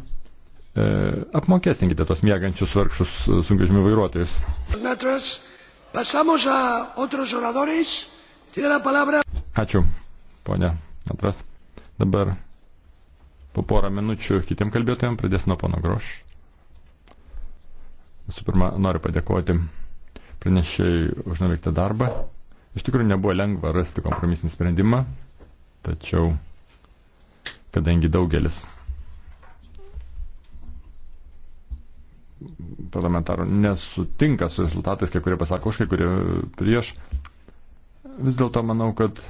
apmokėsinkite tos mėgančius vargšus sunkvežimių vairuotojus. Pasamos a otros oradores. Ačiū, ponė Antras. Dabar po porą minučių kitiem kalbėtojim pradės nuo pono Groš. Visų pirma, noriu padėkoti pranešėjai už nuveiktą darbą. Iš tikrųjų nebuvo lengva rasti kompromisinį sprendimą, tačiau kadangi daugelis parlamentarų nesutinka su rezultatais, kai kurie pasako už, kai kurie prieš, Vis dėlto manau, kad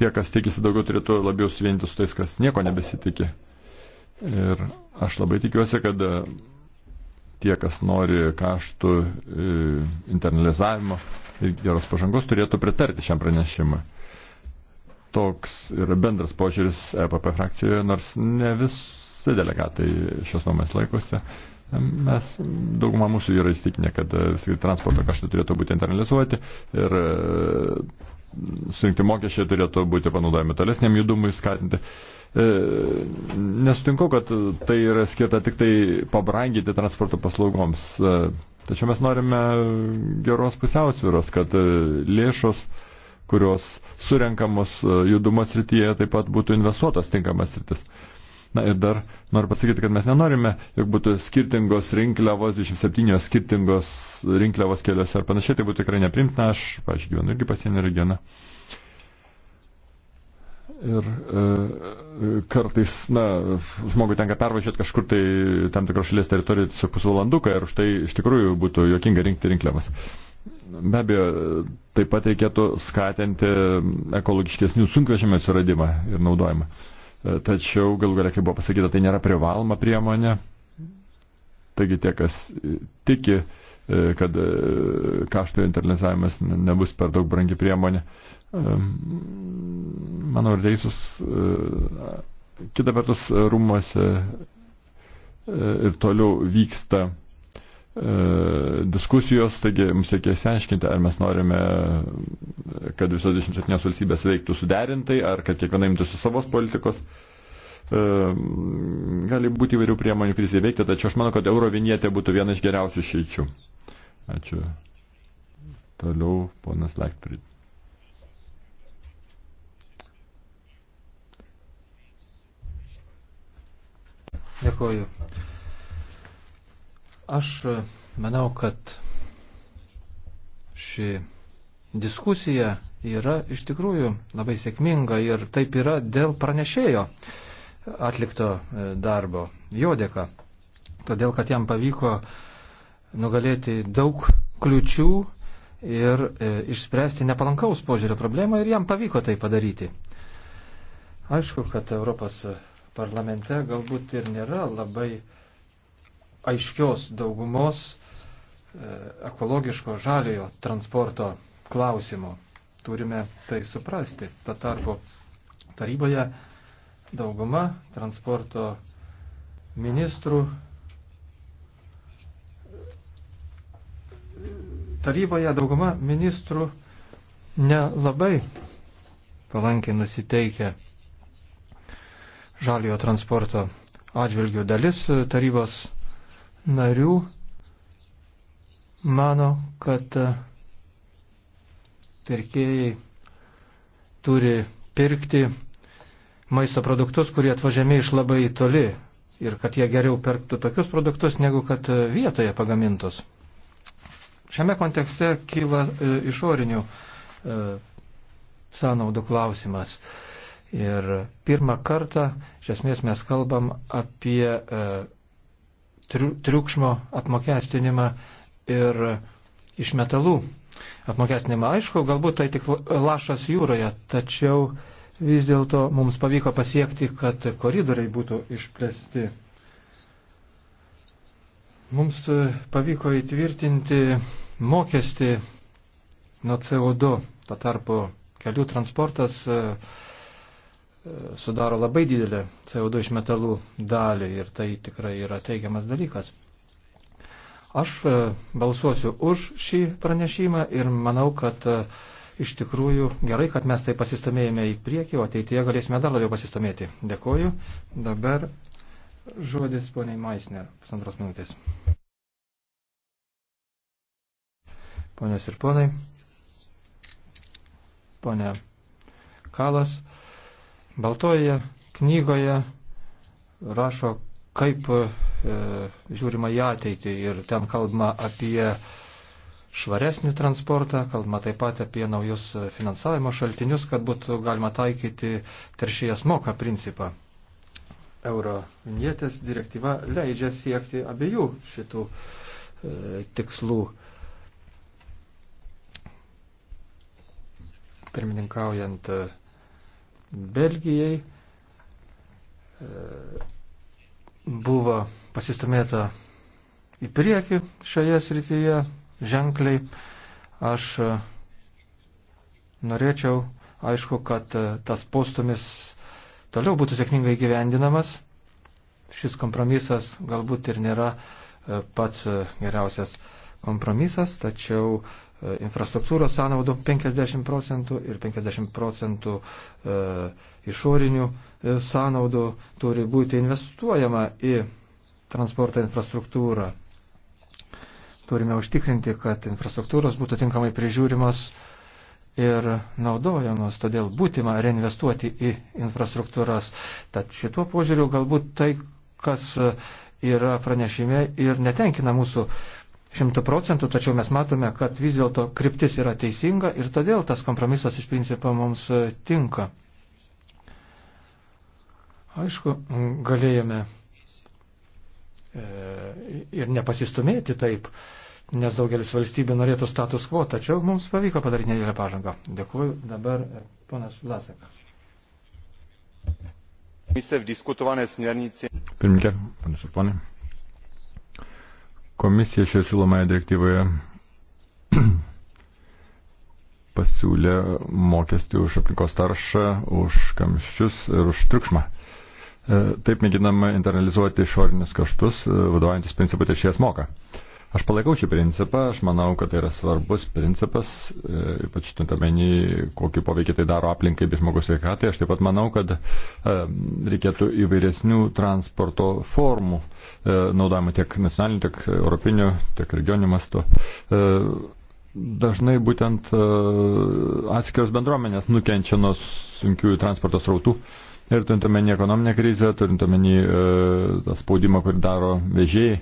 tie, kas tikisi daugiau, turėtų labiau suvienyti su tais, kas nieko nebesitikė. Ir aš labai tikiuosi, kad e, tie, kas nori kaštų e, internalizavimo ir geros pažangos, turėtų pritarti šiam pranešimui. Toks yra bendras požiūris EPP frakcijoje, nors ne visi delegatai šios nuomonės laikosi. Mes, dauguma mūsų yra įstikinę, kad e, visgi transporto kaštai turėtų būti internalizuoti ir e, surinkti mokesčiai turėtų būti panaudojami tolesniam judumui skatinti. E, nesutinku, kad tai yra skirta tik tai pabranginti transporto paslaugoms. Tačiau mes norime geros pusiausvyros, kad lėšos, kurios surenkamos judumo srityje, taip pat būtų investuotos tinkamas sritis. Na ir dar noriu pasakyti, kad mes nenorime, jog būtų skirtingos rinkliavos, 27 skirtingos rinkliavos keliuose ar panašiai, tai būtų tikrai neprimtina, aš, pažiūrėjau, gyvenu irgi pasienio regioną. Ir e, kartais, na, žmogui tenka pervažiuoti kažkur tai tam tikros šalies teritorijoje tiesiog pusvalanduką ir už tai iš tikrųjų būtų jokinga rinkti rinkliavas. Be abejo, taip pat reikėtų skatinti ekologiškesnių sunkvežimių atsiradimą ir naudojimą tačiau galų galia, kaip buvo pasakyta, tai nėra privaloma priemonė. Taigi tie, kas tiki, e, kad e, kaštų internalizavimas nebus per daug brangi priemonė, e, manau, ir teisus. Kita vertus, rūmose ir toliau vyksta E, diskusijos, taigi mums reikia įsiaiškinti, ar mes norime, kad visos 27 valstybės veiktų suderintai, ar kad kiekviena imtųsi savos politikos. E, gali būti įvairių priemonių krizė veikti, tačiau aš manau, kad euro vinietė būtų viena iš geriausių šeičių. Ačiū. Toliau ponas Lektrid. Dėkuoju. Aš e, manau, kad ši diskusija yra iš tikrųjų labai sėkminga ir taip yra dėl pranešėjo atlikto e, darbo, jo dėka. Todėl, kad jam pavyko nugalėti daug kliučių ir e, išspręsti nepalankaus požiūrio problemą ir jam pavyko tai padaryti. Aišku, kad Europos parlamente galbūt ir nėra labai aiškios daugumos e, ekologiško žaliojo transporto klausimu. Turime tai suprasti. Ta tarpo taryboje dauguma transporto ministrų taryboje dauguma ministrų nelabai palankiai nusiteikia žaliojo transporto atžvilgių dalis tarybos narių mano, kad e, pirkėjai turi pirkti maisto produktus, kurie atvažiami iš labai toli ir kad jie geriau perktų tokius produktus, negu kad e, vietoje pagamintus. Šiame kontekste kyla e, išorinių e, sąnaudų klausimas. Ir pirmą kartą, iš esmės, mes kalbam apie e, triukšmo apmokestinimą ir iš metalų apmokestinimą. Aišku, galbūt tai tik lašas jūroje, tačiau vis dėlto mums pavyko pasiekti, kad koridoriai būtų išplėsti. Mums pavyko įtvirtinti mokestį nuo CO2, ta tarpu kelių transportas uh, sudaro labai didelę CO2 iš metalų dalį ir tai tikrai yra teigiamas dalykas. Aš e, balsuosiu už šį pranešimą ir manau, kad e, iš tikrųjų gerai, kad mes tai pasistumėjome į priekį, o ateityje galėsime dar labiau pasistumėti. Dėkoju. Dabar žodis poniai Maisner, pusantros minutės. Ponios ir ponai, ponia Kalas. Baltoje knygoje rašo, kaip e, žiūrima į ateitį ir ten kalbama apie švaresnį transportą, kalbama taip pat apie naujus finansavimo šaltinius, kad būtų galima taikyti teršėjas moka principą. Euro vinjetės direktyva leidžia siekti abiejų šitų e, tikslų. Pirmininkaujant e, Belgijai e, buvo pasistumėta į priekį šioje srityje ženkliai. Aš e, norėčiau, aišku, kad e, tas postumis toliau būtų sėkmingai gyvendinamas. Šis kompromisas galbūt ir nėra pats geriausias kompromisas, tačiau E, infrastruktūros sąnaudų 50 procentų ir 50 procentų e, išorinių e, sąnaudų turi būti investuojama į transporto infrastruktūrą. Turime užtikrinti, kad infrastruktūros būtų tinkamai prižiūrimas ir naudojamos, todėl būtima reinvestuoti į infrastruktūras. Tad šituo požiūriu galbūt tai, kas e, yra pranešime ir netenkina mūsų šimtų procentų, tačiau mes matome, kad vis dėlto kryptis yra teisinga ir todėl tas kompromisas iš principo mums e, tinka. Aišku, galėjome e, ir nepasistumėti taip, nes daugelis valstybių norėtų status quo, tačiau mums pavyko padaryti nedėlę pažangą. Dėkuoju. Dabar e, ponas Vlasakas. Pirmininkė, panas ir ponai. Komisija šioje siūlomąją direktyvoje pasiūlė mokestį už aplinkos taršą, už kamščius ir už triukšmą. E, taip mėginama internalizuoti išorinius kaštus, e, vadovaujantis principu tešies tai moka. Aš palaikau šį principą, aš manau, kad tai yra svarbus principas, e, ypač tuntamenį, kokį poveikį tai daro aplinkai bei žmogus veikatai. Aš taip pat manau, kad e, reikėtų įvairesnių transporto formų e, naudojimo tiek nacionaliniu, tiek europiniu, tiek regioniniu mastu. Dažnai būtent atskiros bendruomenės nukenčia nuo sunkiųjų transporto srautų. Ir turint omeny ekonominę krizę, turint omeny tą spaudimą, kurį daro vežėjai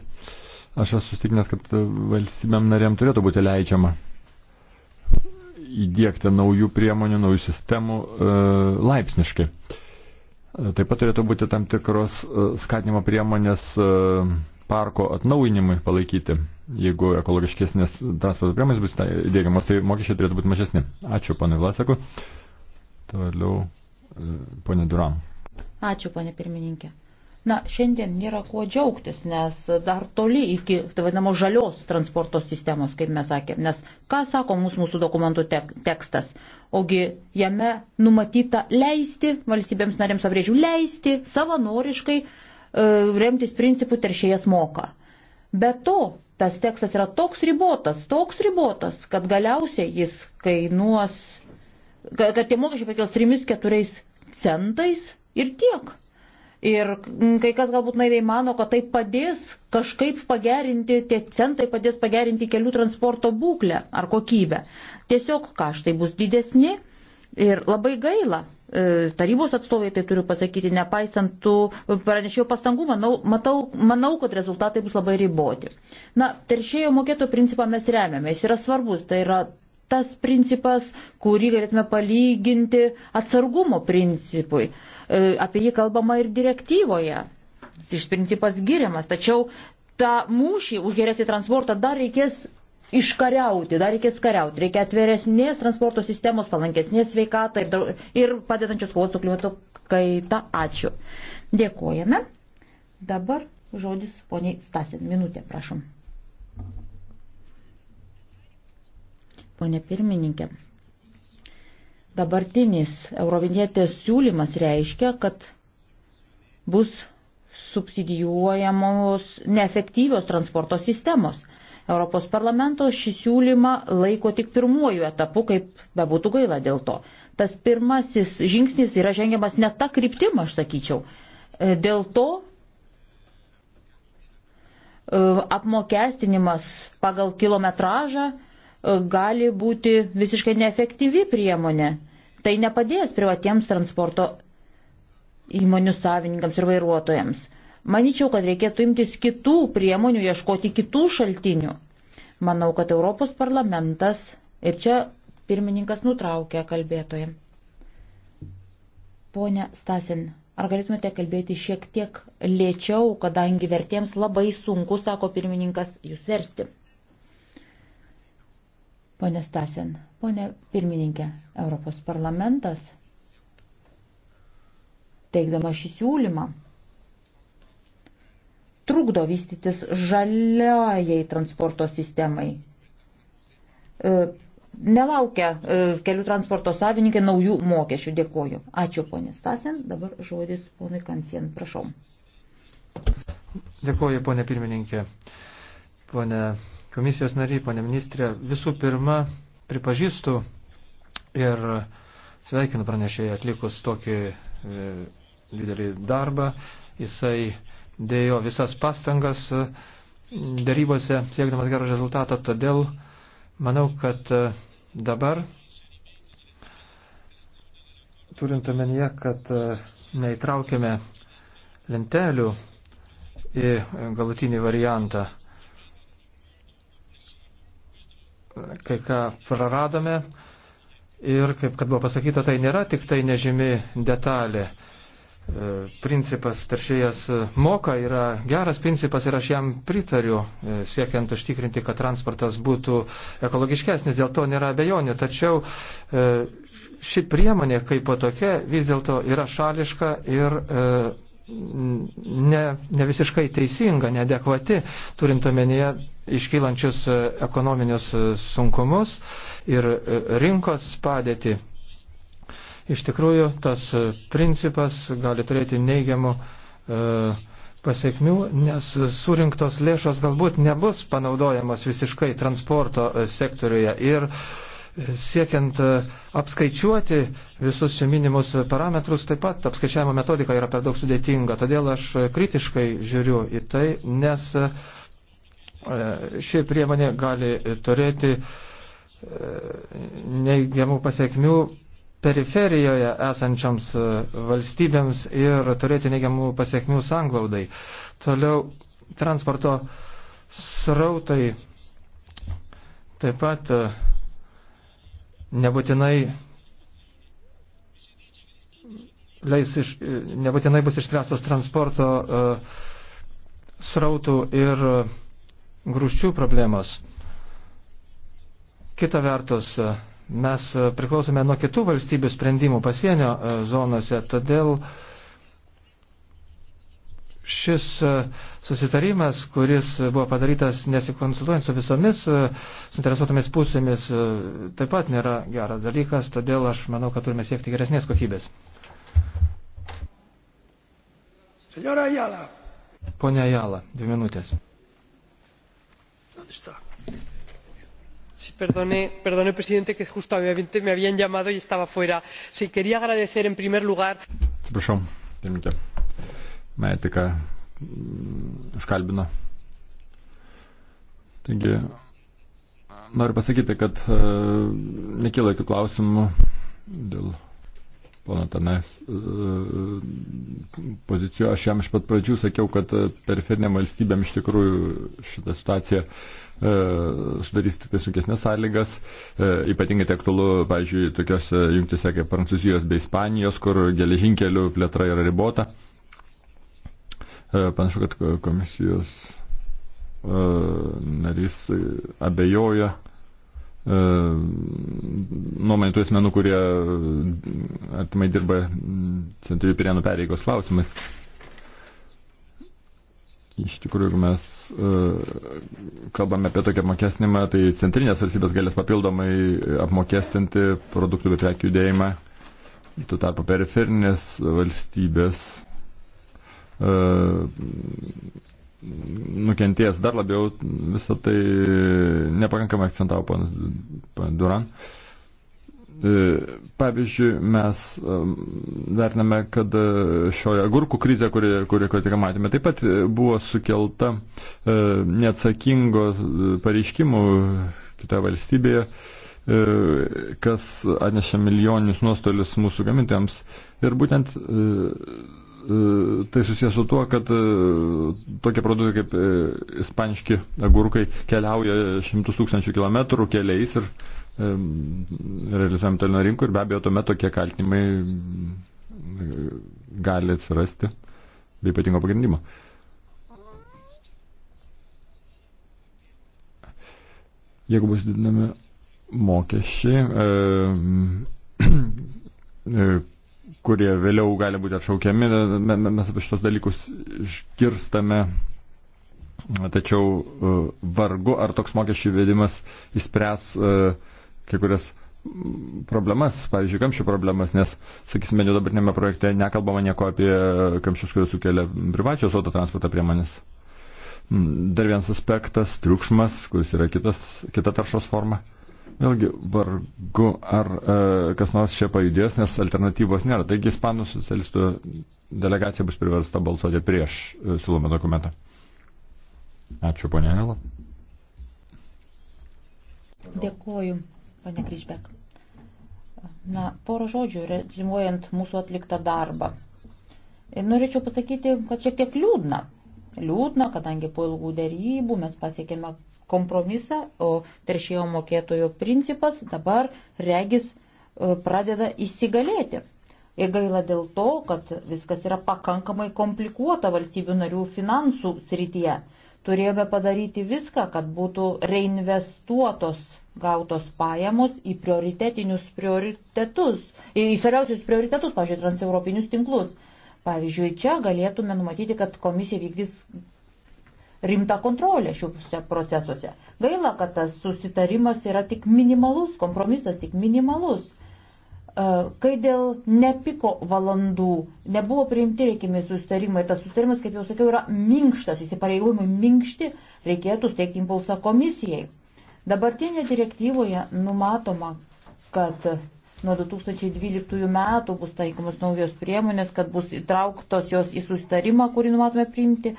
Aš esu stikinęs, kad valstybėm narėm turėtų būti leidžiama įdėkti naujų priemonių, naujų sistemų e, laipsniškai. E, taip pat turėtų būti tam tikros e, skatinimo priemonės e, parko atnaujinimui palaikyti. Jeigu ekologiškesnės transporto priemonės bus įdėgiamos, tai mokesčiai turėtų būti mažesni. Ačiū, ponai Vlasekui. Toliau, ponė Duram. Ačiū, ponė pirmininkė. Na, šiandien nėra kuo džiaugtis, nes dar toli iki, tai vadinamo, žalios transporto sistemos, kaip mes sakėme. Nes ką sako mūsų, mūsų dokumentų tek, tekstas? Ogi jame numatyta leisti valstybėms narėms, abrėžiu, leisti savanoriškai e, remtis principų teršėjas moka. Be to, tas tekstas yra toks ribotas, toks ribotas, kad galiausiai jis kainuos, kad, kad tie mokesčiai pakels 3-4 centais ir tiek. Ir kai kas galbūt naiviai mano, kad tai padės kažkaip pagerinti, tie centai padės pagerinti kelių transporto būklę ar kokybę. Tiesiog kaštai bus didesni ir labai gaila. E, tarybos atstovai tai turiu pasakyti, nepaisant tų pranešėjų pastangų, manau, matau, manau, kad rezultatai bus labai riboti. Na, teršėjo mokėto principą mes remiame, jis yra svarbus, tai yra tas principas, kurį galėtume palyginti atsargumo principui. Uh, E, apie jį kalbama ir direktyvoje. Tai iš principas giriamas, tačiau tą mūšį už geresnį transportą dar reikės iškariauti, dar reikės kariauti. Reikia atveresnės transporto sistemos, palankesnės sveikatą ir, ir padedančios kovoti su klimato kaita. Ačiū. Dėkojame. Dabar žodis poniai Stasin. Minutė, prašom. Pone pirmininkė. Dabartinis Eurovinietės siūlymas reiškia, kad bus subsidijuojamos neefektyvios transporto sistemos. Europos parlamento šį siūlymą laiko tik pirmuoju etapu, kaip bebūtų gaila dėl to. Tas pirmasis žingsnis yra žengiamas ne tą kryptimą, aš sakyčiau. E, dėl to e, apmokestinimas pagal kilometražą e, gali būti visiškai neefektyvi priemonė. Tai nepadės privatiems transporto įmonių savininkams ir vairuotojams. Maničiau, kad reikėtų imtis kitų priemonių, ieškoti kitų šaltinių. Manau, kad Europos parlamentas ir čia pirmininkas nutraukė kalbėtoją. Pone Stasin, ar galėtumėte kalbėti šiek tiek lėčiau, kadangi vertėms labai sunku, sako pirmininkas, jūs versti. Pone Stasen, pone pirmininkė, Europos parlamentas, teikdama šį siūlymą, trukdo vystytis žaliojai transporto sistemai. E, nelaukia e, kelių transporto savininkai naujų mokesčių. Dėkoju. Ačiū, ponė Stasen. Dabar žodis ponui Kancien. Prašom. Dėkoju, ponė pirmininkė. Pone komisijos nariai, ponė ministrė, visų pirma, pripažįstu ir sveikinu pranešėjai atlikus tokį e, didelį darbą. Jisai dėjo visas pastangas e, darybose, siekdamas gerą rezultatą, todėl manau, kad e, dabar, turint omenyje, kad e, neįtraukėme lentelių į galutinį variantą, kai ką praradome ir, kaip kad buvo pasakyta, tai nėra tik tai nežymi detalė. E, principas teršėjas e, moka yra geras principas ir aš jam pritariu, e, siekiant užtikrinti, kad transportas būtų ekologiškesnis, dėl to nėra abejonių. Tačiau ši priemonė kaip po tokia vis dėlto yra šališka ir ne, ne visiškai teisinga, neadekvati, turint omenyje iškylančius e, ekonominius e, sunkumus ir e, rinkos padėtį. Iš tikrųjų, tas principas gali turėti neigiamų pasiekmių, nes surinktos lėšos galbūt nebus panaudojamos visiškai transporto sektoriuje ir uh, siekiant e, apskaičiuoti visus čia minimus parametrus, taip pat apskaičiavimo metodika yra per daug sudėtinga. Todėl aš e, kritiškai žiūriu į tai, nes e, ši priemonė gali turėti neigiamų pasiekmių periferijoje esančiams valstybėms ir turėti neigiamų pasiekmių sanglaudai. Toliau transporto srautai taip pat nebūtinai, leis iš, nebūtinai bus išspręstos transporto uh, srautų ir e, grūščių problemos. Kita vertus, e, mes priklausome nuo kitų valstybių sprendimų pasienio zonose, todėl uh, šis e, susitarimas, kuris buvo padarytas nesikonsultuojant su visomis e, suinteresuotomis pusėmis, e, taip pat nėra geras dalykas, todėl aš manau, kad turime siekti geresnės kokybės. Senora Jala. Pone Jala, dvi minutės. Sí, perdone, perdone, presidente, que justo me habían llamado y estaba fuera. Sí, quería agradecer en primer lugar. Atsiprašau, pirmininkė mane tik užkalbino. Taigi, noriu pasakyti, kad e, nekyla jokių klausimų dėl pono tenais e, pozicijų. Aš jam iš pat pradžių sakiau, kad e, periferinėm valstybėm iš tikrųjų šitą situaciją e, sudarys tik tai sunkesnės sąlygas. E, ypatingai tai aktualu, pavyzdžiui, tokios jungtise kaip Prancūzijos bei Ispanijos, kur geležinkelių plėtra yra ribota. E, E, panašu, kad komisijos e, narys abejoja e, nuomonė tų asmenų, kurie artimai dirba centrinių pirienų pareigos klausimais. Iš tikrųjų, jeigu mes uh, kalbame apie tokią apmokestinimą, tai centrinės valstybės galės papildomai apmokestinti produktų bei prekių judėjimą. Tuo tarpu periferinės valstybės uh, E, nukenties dar labiau, visą tai nepakankamai akcentavo ponas Duran. E, pavyzdžiui, mes e, vertiname, kad šioje agurkų krize, kuri, kuri, kuri tik matėme, taip pat buvo sukelta neatsakingo pareiškimų kitoje valstybėje, kas atnešė milijoninius nuostolius mūsų gamintojams. Ir būtent E, tai susijęs su tuo, kad e, tokie produktai kaip e, ispaniški agurkai keliauja šimtus tūkstančių kilometrų keliais ir realizuojam tolino rinkų ir be abejo tuomet tokie kaltinimai gali atsirasti be ypatingo pagrindimo. Jeigu bus didinami mokesčiai, e, e, kurie vėliau gali būti atšaukiami, mes apie šitos dalykus išgirstame. Tačiau e, vargu, ar toks mokesčių įvedimas įspręs e, kai kurias problemas, pavyzdžiui, kamščių problemas, nes, sakysime, jau dabartinėme projekte nekalbama nieko apie e, kamščius, kuriuos sukelia privačios autotransporto priemonės. Mm, dar vienas aspektas - triukšmas, kuris yra kitas, kita taršos forma. Vėlgi vargu, ar e, kas nors čia pajudės, nes alternatyvos nėra. Taigi ispanų socialistų delegacija bus priversta balsuoti prieš e, siūlomą dokumentą. Ačiū, ponė Nela. Dėkoju, ponė Kryžbek. Na, porą žodžių, rezimuojant mūsų atliktą darbą. Ir norėčiau pasakyti, kad šiek tiek liūdna. Liūdna, kadangi po ilgų dėrybų mes pasiekėme kompromisą, o teršėjo mokėtojo principas dabar regis e, pradeda įsigalėti. Ir gaila dėl to, kad viskas yra pakankamai komplikuota valstybių narių finansų srityje. Turėjome padaryti viską, kad būtų reinvestuotos gautos pajamos į prioritetinius prioritetus, į svarbiausius prioritetus, pažiūrėjau, transeuropinius tinklus. Pavyzdžiui, čia galėtume numatyti, kad komisija vykdys rimtą kontrolę šiuose procesuose. Gaila, kad tas susitarimas yra tik minimalus, kompromisas tik minimalus. E, kai dėl nepiko valandų nebuvo priimti reikimi susitarimai, tas susitarimas, kaip jau sakiau, yra minkštas, įsipareigojimai minkšti, reikėtų steigti impulsą komisijai. Dabartinė direktyvoje numatoma, kad nuo 2012 metų bus taikomos naujos priemonės, kad bus įtrauktos jos į sustarimą, kurį numatome priimti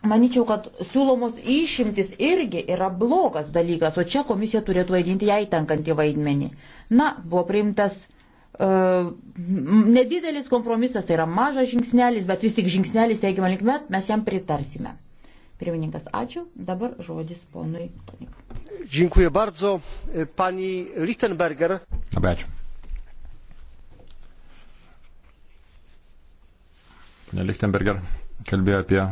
Maničiau, kad siūlomos išimtis irgi yra blogas dalykas, o čia komisija turėtų vaidinti jai tenkantį vaidmenį. Na, buvo priimtas uh, nedidelis kompromisas, tai yra mažas žingsnelis, bet vis tik žingsnelis teigiamą linkme, mes jam pritarsime. Pirmininkas, ačiū. Dabar žodis ponui Tonik. Dziękuję bardzo. Pani Lichtenberger. Labai ačiū. Pane Lichtenberger kalbėjo apie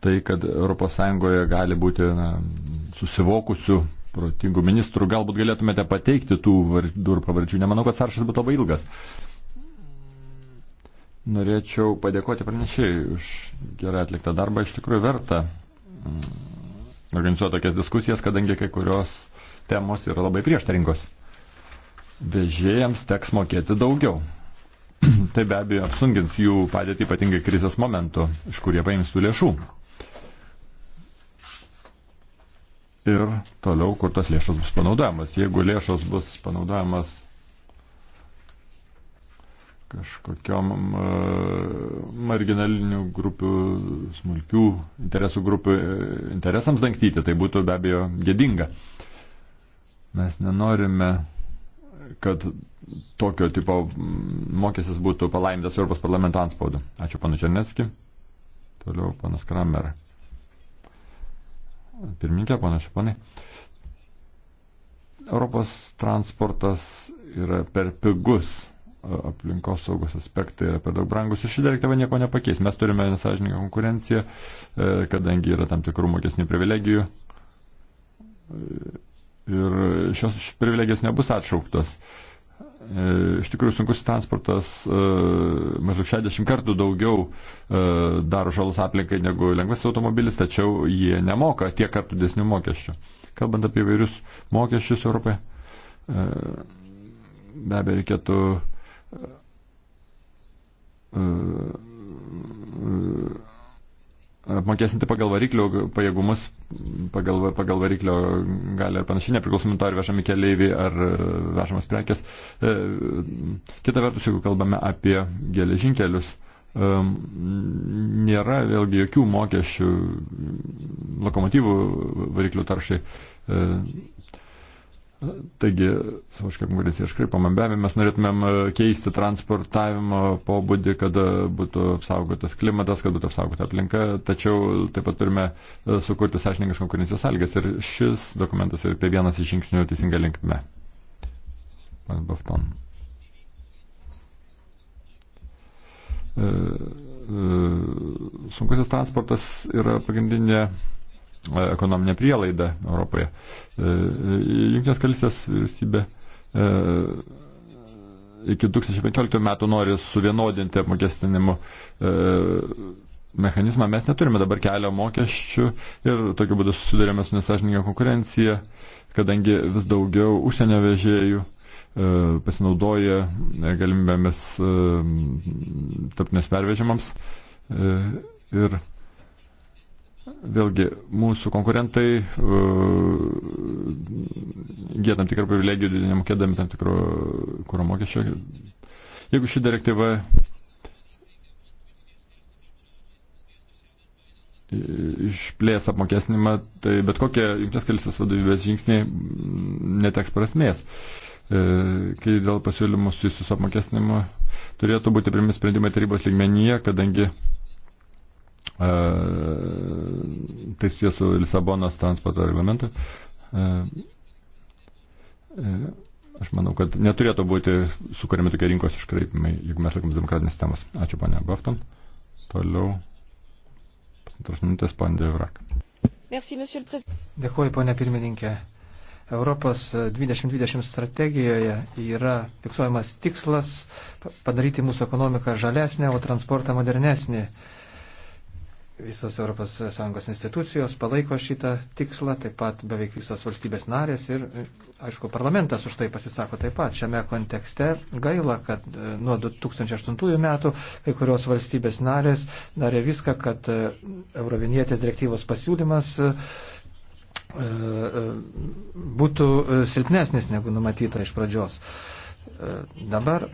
tai, kad ES gali būti na, susivokusių protingų ministrų. Galbūt galėtumėte pateikti tų vardų ir pavardžių. Nemanau, kad sąrašas būtų labai ilgas. Norėčiau padėkoti pranešėjai už gerai atliktą darbą. Iš tikrųjų verta mm, organizuoti tokias diskusijas, kadangi kai kurios temos yra labai prieštaringos. Vežėjams teks mokėti daugiau. tai be abejo apsungins jų padėtį ypatingai krizės momentu, iš kur jie paims tų lėšų. ir toliau, kur tas lėšos bus panaudojamas. Jeigu lėšos bus panaudojamas kažkokiam e, marginalinių grupių, smulkių interesų grupių e, interesams dangtyti, tai būtų be abejo gėdinga. Mes nenorime, kad tokio tipo mokestis būtų palaimintas Europos parlamento anspaudu. Ačiū panu Černeski. Toliau panas Kramer pirmininkė, panašiai panai. Europos transportas yra per pigus, aplinkos saugos aspektai yra per daug brangus ir ši direktyva nieko nepakeis. Mes turime nesažininką konkurenciją, e, kadangi yra tam tikrų mokesnių privilegijų e, ir šios privilegijos nebus atšauktos. E, iš tikrųjų, sunkus transportas e, maždaug 60 kartų daugiau e, daro žalos aplinkai negu lengvas automobilis, tačiau jie nemoka tiek kartų dėsnių mokesčių. Kalbant apie vairius mokesčius Europoje, be abejo, reikėtų apmokestinti pagal variklio pajėgumus, pagal, pagal variklio gali ar panašiai, nepriklausomai to, ar vežami keleiviai, ar e, vežamas prekes. E, kita vertus, jeigu kalbame apie geležinkelius, e, nėra vėlgi jokių mokesčių lokomotyvų variklių taršai. Taigi, savaškai apgalės iškraipama, tai be abejo, mes norėtumėm e, keisti transportavimo pobūdį, kad e, būtų apsaugotas klimatas, kad būtų apsaugota aplinka, tačiau taip pat turime e, sukurti sąžininkas konkurencijos sąlygas ir šis dokumentas yra tai vienas iš žingsnių teisinga linkme. Pan Bafton. Sunkusis transportas yra pagrindinė E, ekonominė prielaida Europoje. E, e, Junktinės karalystės vyriausybė iki 2015 metų nori suvienodinti apmokestinimo mechanizmą. Mes neturime dabar kelio mokesčių ir tokiu būdu susidurėme su nesažininga konkurencija, kadangi vis daugiau užsienio vežėjų pasinaudoja galimybėmis tarpinės pervežimams. Ir Vėlgi, mūsų konkurentai įgyja e, tam tikrą privilegiją, nemokėdami tam tikro kūro mokesčio. Jeigu ši direktyva e, išplės apmokesnimą, tai bet kokie jungtinės karalystės vadovybės žingsniai neteks prasmės. E, kai dėl pasiūlymų susijusius apmokesnimu turėtų būti primi sprendimai tarybos lygmenyje, kadangi E, tai susijęs su Lisabonos transporto reglamentu. E, e, aš manau, kad neturėtų būti sukūrėmi tokie rinkos iškraipimai, jeigu mes laikomės demokratinės temos. Ačiū, ponia Bafton. Toliau. Pusantros minutės, ponia Devrak. Dėkuoju, ponia pirmininkė. Europos 2020 strategijoje yra fiksuojamas tikslas padaryti mūsų ekonomiką žalesnę, o transportą modernesnį. Visos ES institucijos palaiko šitą tikslą, taip pat beveik visos valstybės narės ir, aišku, parlamentas už tai pasisako taip pat. Šiame kontekste gaila, kad e, nuo 2008 metų kai kurios valstybės narės darė viską, kad e, Eurovinietės direktyvos pasiūlymas e, būtų silpnesnis negu numatyta iš pradžios. E, dabar e,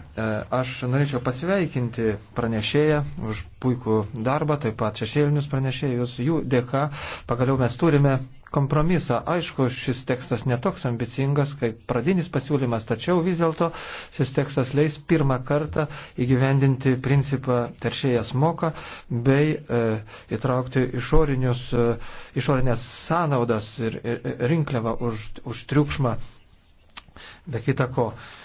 aš norėčiau pasveikinti pranešėją už puikų darbą, taip pat šešėlinius pranešėjus. Jų dėka pagaliau mes turime kompromisą. Aišku, šis tekstas netoks ambicingas kaip pradinis pasiūlymas, tačiau vis dėlto šis tekstas leis pirmą kartą įgyvendinti principą teršėjas moka bei e, įtraukti išorinius, e, išorinės sąnaudas ir, ir rinkliavą už, už triukšmą. Be kita ko. E,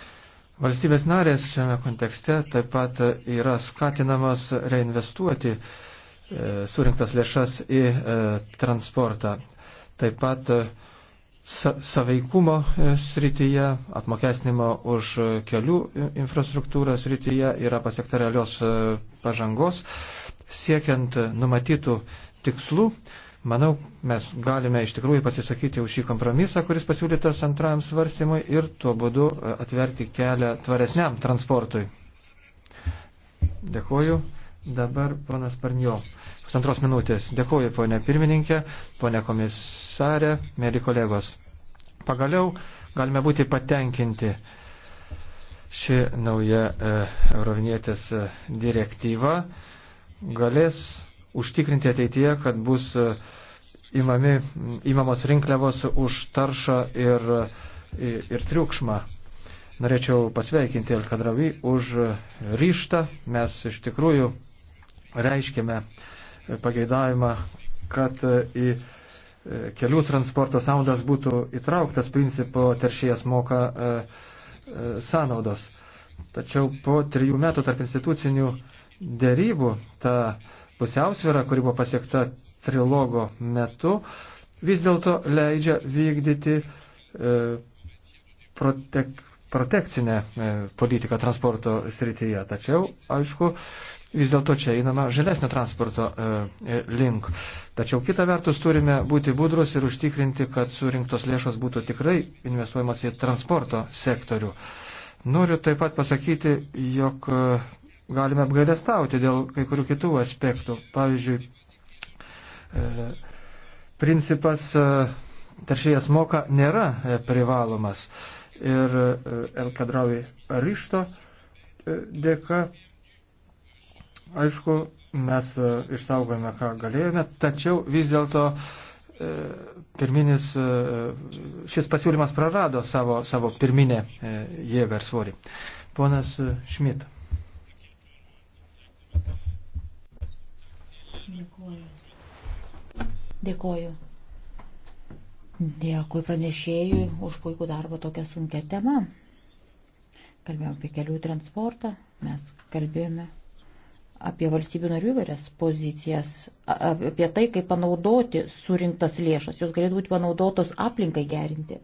Valstybės narės šiame kontekste taip pat yra skatinamas reinvestuoti e, surinktas lėšas į e, transportą. Taip pat e, sa saveikumo e, srityje, apmokesnimo už kelių infrastruktūrą srityje yra pasiekta realios e, pažangos, siekiant numatytų tikslų. E, Manau, mes galime iš tikrųjų pasisakyti už šį kompromisą, kuris pasiūlytas antrajam svarstymui ir tuo būdu e, atverti kelią tvaresniam transportui. Dėkuoju. Dabar ponas Parnio. Pusantros minutės. Dėkuoju, ponė pirmininkė, ponė komisarė, mėly kolegos. Pagaliau galime būti patenkinti ši nauja e, Eurovinietės e, direktyva galės užtikrinti ateityje, kad bus e, imami, imamos rinkliavos už taršą ir, e, ir triukšmą. Norėčiau pasveikinti Elkadravį už ryštą. Mes iš tikrųjų reiškėme pageidavimą, kad į e, kelių transporto sąnaudas būtų įtrauktas principo teršėjas moka sąnaudos. Tačiau po trijų metų tarp institucinių dėrybų ta pusiausvėra, kuri buvo pasiekta trilogo metu, vis dėlto leidžia vykdyti e, protek, protekcinę e, politiką transporto srityje. Tačiau, aišku, vis dėlto čia einama žalesnio transporto e, e link. Tačiau kita vertus turime būti budrus ir užtikrinti, kad surinktos lėšos būtų tikrai investuojamos į transporto sektorių. Noriu taip pat pasakyti, jog e, galime apgailestauti dėl kai kurių kitų aspektų. Pavyzdžiui, e, principas e, taršėjas moka nėra e, privalomas ir e, Elkadravi ryšto e, dėka, aišku, mes e, išsaugojame, ką galėjome, tačiau vis dėlto e, pirminis, e, šis pasiūlymas prarado savo, savo pirminę e, jėgą ir svorį. Ponas Šmit. E, Dėkuoju. Dėkuoju. Dėkui pranešėjui už puikų darbą tokią sunkę temą. Kalbėjome apie kelių transportą, mes kalbėjome apie valstybių narių įvairias pozicijas, apie tai, kaip panaudoti surinktas lėšas. Jos galėtų būti panaudotos aplinkai gerinti.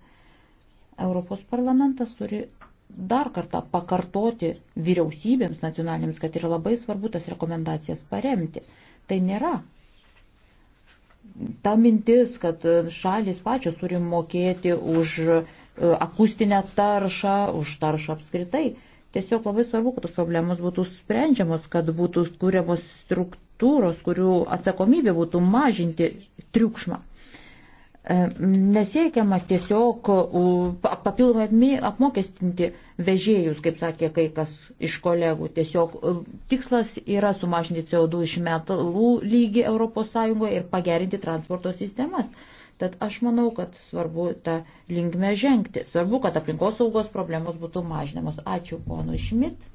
Europos parlamentas turi dar kartą pakartoti vyriausybėms nacionalinėms, kad yra labai svarbu tas rekomendacijas paremti. Tai nėra ta mintis, kad e, šalis pačios turi mokėti už e, akustinę taršą, už taršą apskritai. Tiesiog labai svarbu, kad tos problemos būtų sprendžiamos, kad būtų kūriamos struktūros, kurių atsakomybė būtų mažinti triukšmą. E, nesiekiama tiesiog papildomai apmokestinti vežėjus, kaip sakė kai kas iš kolegų. Tiesiog tikslas yra sumažinti CO2 iš metalų lygį ES ir pagerinti transporto sistemas. Tad aš manau, kad svarbu tą linkmę žengti. Svarbu, kad aplinkosaugos problemos būtų mažinamos. Ačiū ponui Šmit,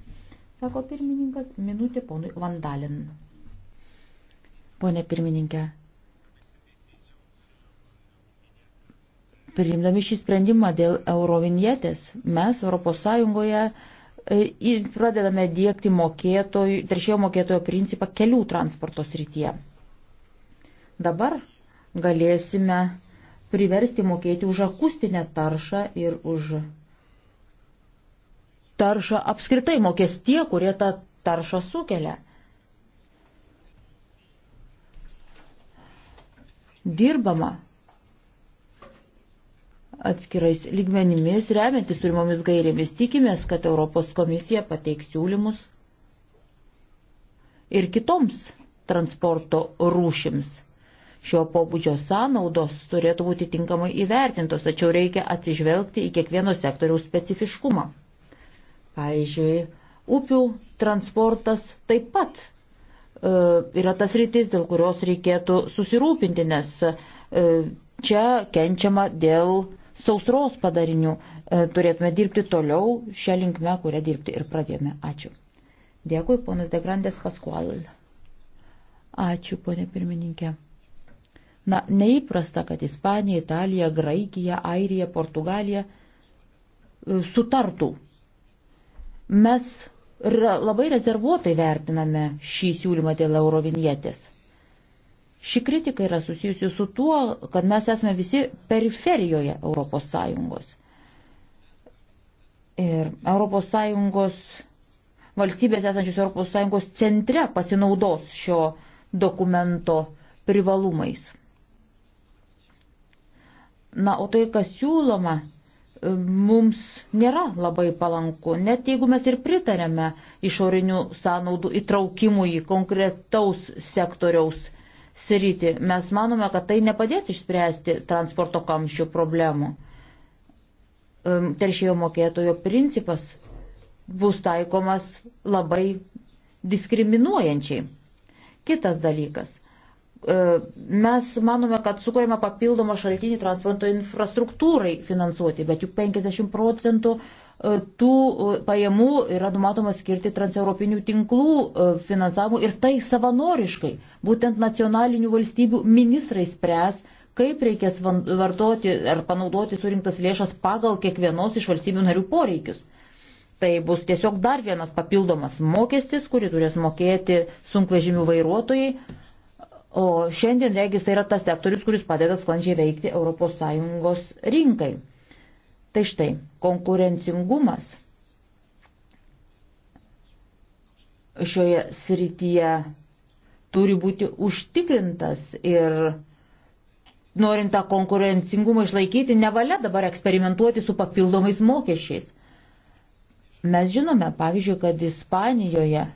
sako pirmininkas, minutė ponui Vandalin. Pone pirmininkė, Priimdami šį sprendimą dėl eurovinietės, mes ES e, pradedame dėkti mokėtojų, trešėjo mokėtojo principą kelių transporto srityje. Dabar galėsime priversti mokėti už akustinę taršą ir už taršą apskritai mokės tie, kurie tą taršą sukelia. Dirbama atskirais lygmenimis, remiantis turimomis gairėmis, tikimės, kad Europos komisija pateiks siūlymus ir kitoms transporto rūšims. Šio pobūdžio sąnaudos turėtų būti tinkamai įvertintos, tačiau reikia atsižvelgti į kiekvieno sektoriaus specifiškumą. Pavyzdžiui, upių transportas taip pat e, yra tas rytis, dėl kurios reikėtų susirūpinti, nes e, čia kenčiama dėl e, sausros padarinių, e, turėtume dirbti toliau šią linkmę, kurią dirbti ir pradėjome. Ačiū. Dėkui, ponas Degrandės Paskual. Ačiū, ponė pirmininkė. Na, neįprasta, kad Ispanija, Italija, Graikija, Airija, Portugalija e, sutartų. Mes labai rezervuotai vertiname šį siūlymą dėl eurovinietės. Ši kritika yra susijusi su tuo, kad mes esame visi periferijoje ES. Ir ES valstybės esančios ES centre pasinaudos šio dokumento privalumais. Na, o tai, kas siūloma, mums nėra labai palanku, net jeigu mes ir pritarėme išorinių sąnaudų įtraukimui į konkretaus sektoriaus sritį. Mes manome, kad tai nepadės išspręsti transporto kamščių problemų. Teršėjo mokėtojo principas bus taikomas labai diskriminuojančiai. Kitas dalykas. E, mes manome, kad sukūrėme papildomą šaltinį transporto infrastruktūrai finansuoti, bet juk 50 procentų uh, tų e, pajamų yra numatoma skirti transeuropinių tinklų e, finansavimui ir tai savanoriškai. Būtent nacionalinių valstybių ministrai spręs, kaip reikės vartoti ar panaudoti surinktas lėšas pagal kiekvienos iš valstybių narių poreikius. Tai bus tiesiog dar vienas papildomas mokestis, kurį turės mokėti sunkvežimių vairuotojai. O šiandien regis tai yra tas sektorius, kuris padeda sklandžiai veikti ES rinkai. Tai štai, konkurencingumas šioje srityje turi būti užtikrintas ir norint tą konkurencingumą išlaikyti, nevalia dabar eksperimentuoti su papildomais mokesčiais. Mes žinome, pavyzdžiui, kad Ispanijoje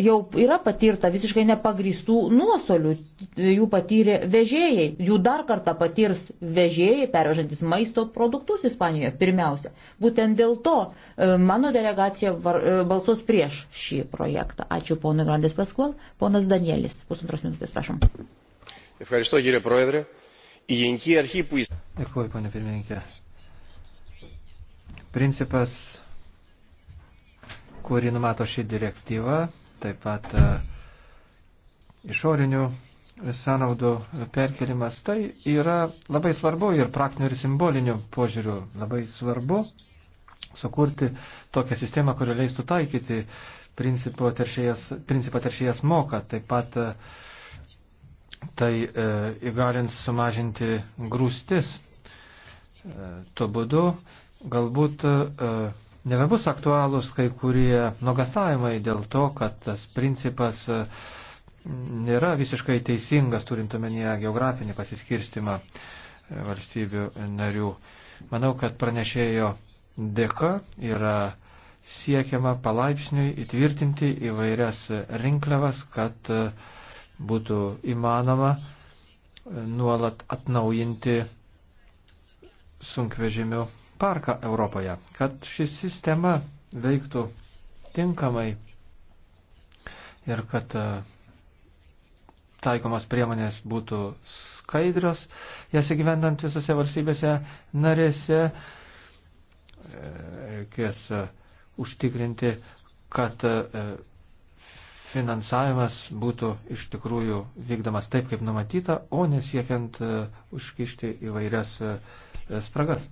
jau yra patirta visiškai nepagristų nuostolių. Jų patyrė vežėjai, jų dar kartą patirs vežėjai, pervežantis maisto produktus Ispanijoje pirmiausia. Būtent dėl to e, mano delegacija var, e, balsus prieš šį projektą. Ačiū ponui Grandės Paskual, ponas Danielis. Pusantros minutės, prašom. Dėkuoju, ponė pirmininkė. Principas kurį numato ši direktyva, taip pat e, išorinių sąnaudų perkelimas. Tai yra labai svarbu ir praktiniu ir simboliniu požiūriu. Labai svarbu sukurti tokią sistemą, kuri leistų taikyti principą teršėjas, principą teršėjas moka. Taip pat e, tai e, įgalins sumažinti grūstis. E, tuo būdu galbūt e, nebebus aktualūs kai kurie nuogastavimai dėl to, kad tas principas e, nėra visiškai teisingas, turint omenyje geografinį pasiskirstimą e, valstybių narių. Manau, kad pranešėjo dėka yra siekiama palaipsniui įtvirtinti įvairias rinkliavas, kad e, būtų įmanoma nuolat atnaujinti sunkvežimių parką Europoje. Kad ši sistema veiktų tinkamai ir kad e, taikomos priemonės būtų skaidrios, jas įgyvendant visose valstybėse narėse, e, reikės e, užtikrinti, kad finansavimas būtų iš tikrųjų vykdomas taip, kaip numatyta, o nesiekiant užkišti įvairias spragas.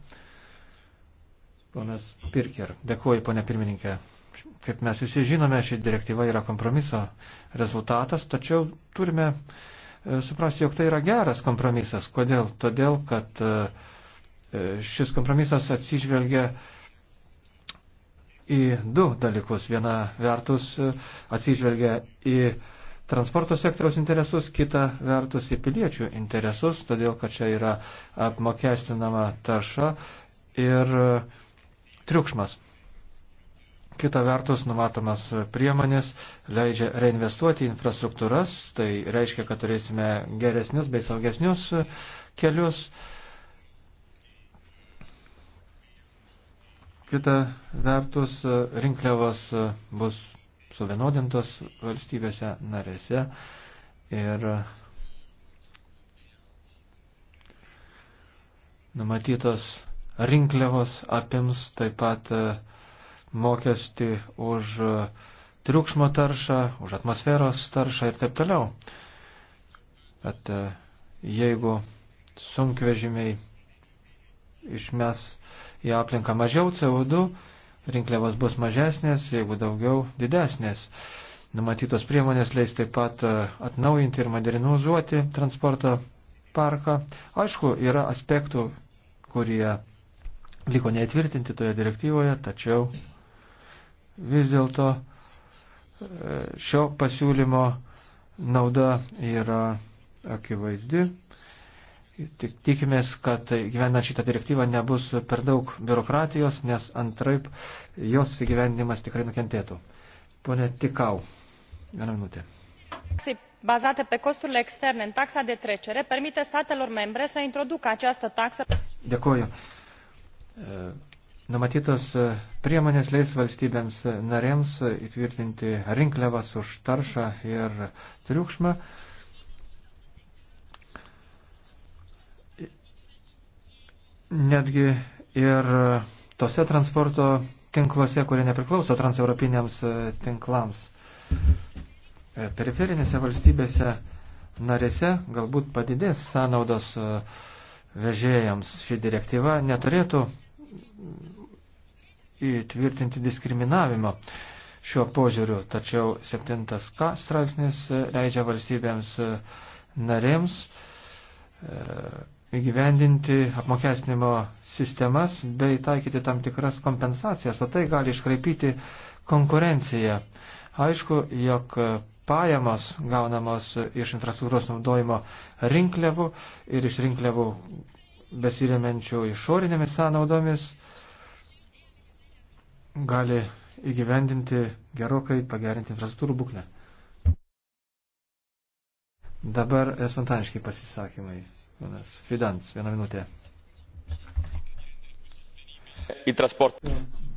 Ponas Pirker, dėkuoju, ponė pirmininkė. Kaip mes visi žinome, ši direktyva yra kompromiso rezultatas, tačiau turime e, suprasti, jog tai yra geras kompromisas. Kodėl? Todėl, kad e, e, šis kompromisas atsižvelgia į du dalykus. Viena vertus atsižvelgia į transporto sektoriaus interesus, kita vertus į piliečių interesus, todėl kad čia yra apmokestinama tarša ir uh, triukšmas. Kita vertus, numatomas priemonės leidžia reinvestuoti į infrastruktūras, tai reiškia, kad turėsime geresnius bei saugesnius kelius. Kita vertus, rinkliavos bus suvienodintos valstybėse narėse ir numatytos rinkliavos apims taip pat e, mokestį už e, triukšmo taršą, už atmosferos taršą ir taip toliau. Bet e, jeigu sunkvežimiai išmes į aplinką mažiau CO2, rinkliavos bus mažesnės, jeigu daugiau didesnės. Numatytos priemonės leis taip pat atnaujinti ir modernizuoti transporto parką. Aišku, yra aspektų, kurie liko neįtvirtinti toje direktyvoje, tačiau vis dėlto e, šio pasiūlymo nauda yra akivaizdi. Tik tikimės, kad tai gyvenant šitą direktyvą nebus per daug biurokratijos, nes antraip jos įgyvendinimas tikrai nukentėtų. Pone Tikau, vieną minutę. bazate pe costurile externe în taxa de trecere permite statelor membre să introducă această taxă. Dėkuoju. Numatytos priemonės leis valstybėms narėms įtvirtinti rinkliavas už taršą ir triukšmą. Netgi ir tose transporto tinkluose, kurie nepriklauso transeuropiniams tinklams. Periferinėse valstybėse narėse galbūt padidės sąnaudos vežėjams. Ši direktyva neturėtų įtvirtinti diskriminavimą šiuo požiūriu, tačiau 7K straipsnis leidžia valstybėms narėms e, įgyvendinti apmokestinimo sistemas bei taikyti tam tikras kompensacijas, o tai gali iškraipyti konkurenciją. Aišku, jog pajamos gaunamos iš infrastruktūros naudojimo rinkliavų ir iš rinkliavų besiremiančių išorinėmis sąnaudomis gali įgyvendinti gerokai pagerinti infrastruktūrų būklę. Dabar spontaniškai pasisakymai. Vienas. Fidans, vieną minutę. Į transportą.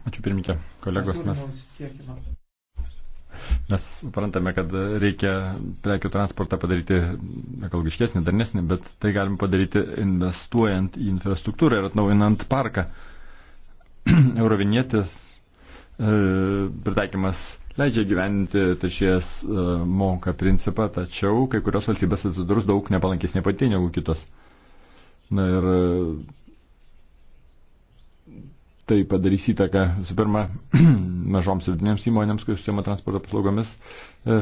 Ačiū pirmininkė. Kolegos mes. Mes suprantame, kad reikia prekių transportą padaryti ekologiškesnį, darnesnį, bet tai galim padaryti investuojant į infrastruktūrą ir atnaujinant parką. Eurovinėtis e, pritaikymas leidžia gyventi tašies e, moka principą, tačiau kai kurios valstybės atsidurs daug nepalankesnė pati negu kitos. Na ir tai padarys įtaką visų pirma mažoms ir didinėms įmonėms, kurios užsiema transporto paslaugomis. E,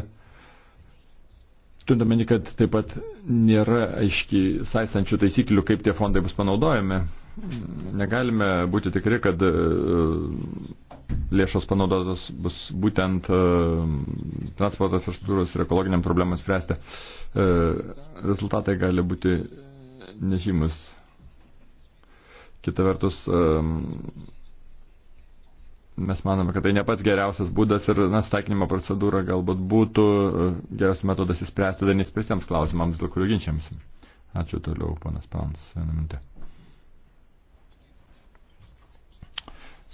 turint omeny, kad taip pat nėra aiškiai saistančių taisyklių, kaip tie fondai bus panaudojami. Negalime būti tikri, kad e, lėšos panaudotos bus būtent e, transporto infrastruktūros ir ekologiniam problemams spręsti. Rezultatai gali būti nežymus Kita vertus, mes manome, kad tai ne pats geriausias būdas ir nustaikinimo procedūra galbūt būtų e, geras metodas įspręsti dar neįspręsiems klausimams, dėl kurių ginčiams. Ačiū toliau, ponas Palans, vieną minutę.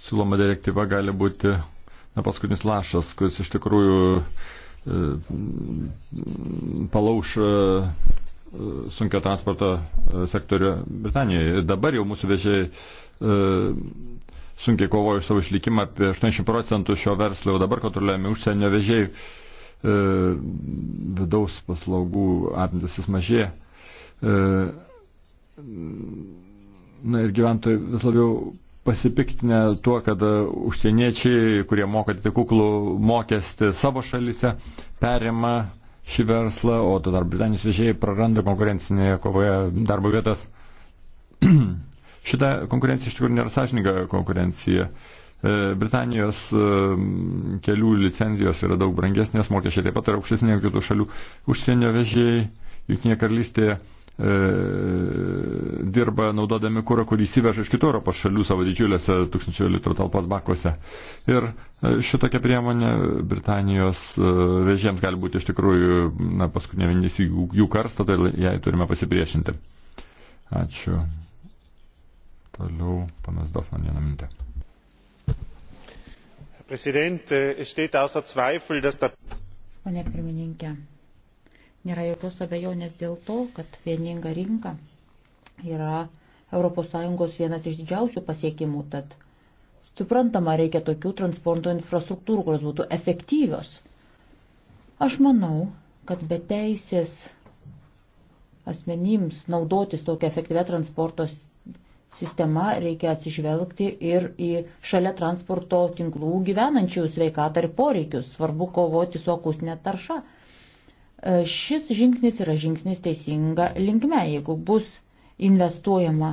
Siūloma direktyva gali būti na, paskutinis lašas, kuris iš tikrųjų e, palauš e, sunkio transporto e, sektorių Britanijoje. Dabar jau mūsų vežėjai e, sunkiai kovoja už savo išlikimą, apie 80 procentų šio verslo jau dabar kontroliuojami užsienio vežėjai, e, vidaus paslaugų apimtis vis mažėja. Na ir gyventojai vis labiau pasipiktinę tuo, kad užsieniečiai, kurie moka tik kuklų mokestį savo šalyse, perima šį verslą, o tuo tarpu Britanijos vežėjai praranda konkurencinėje kovoje darbo vietas. Šita konkurencija iš tikrųjų nėra sąžininga konkurencija. E, Britanijos e, kelių licenzijos yra daug brangesnės, mokesčiai taip pat yra aukštesnė negu kitų šalių. Užsienio vežėjai, Junktinėje karalystėje E, dirba naudodami kūrą, kurį įsiveža iš kitų Europos šalių savo didžiuliuose tūkstančių litrų talpos bakuose. Ir e, šitokia priemonė Britanijos e, vežėms gali būti iš tikrųjų na, paskutinė vienis jų, jų karsta, tai jai turime pasipriešinti. Ačiū. Toliau panas Dofman vieną minutę. Präsident, äh, es steht außer Zweifel, dass der. Pane pirmininkė, Nėra jokios abejonės dėl to, kad vieninga rinka yra ES vienas iš didžiausių pasiekimų, tad suprantama, reikia tokių transporto infrastruktūrų, kurios būtų efektyvios. Aš manau, kad be teisės asmenims naudotis tokia efektyvia transporto sistema reikia atsižvelgti ir į šalia transporto tinklų gyvenančių sveikatą ir poreikius. Svarbu kovoti su akusne tarša. E, šis žingsnis yra žingsnis teisinga linkme, jeigu bus investuojama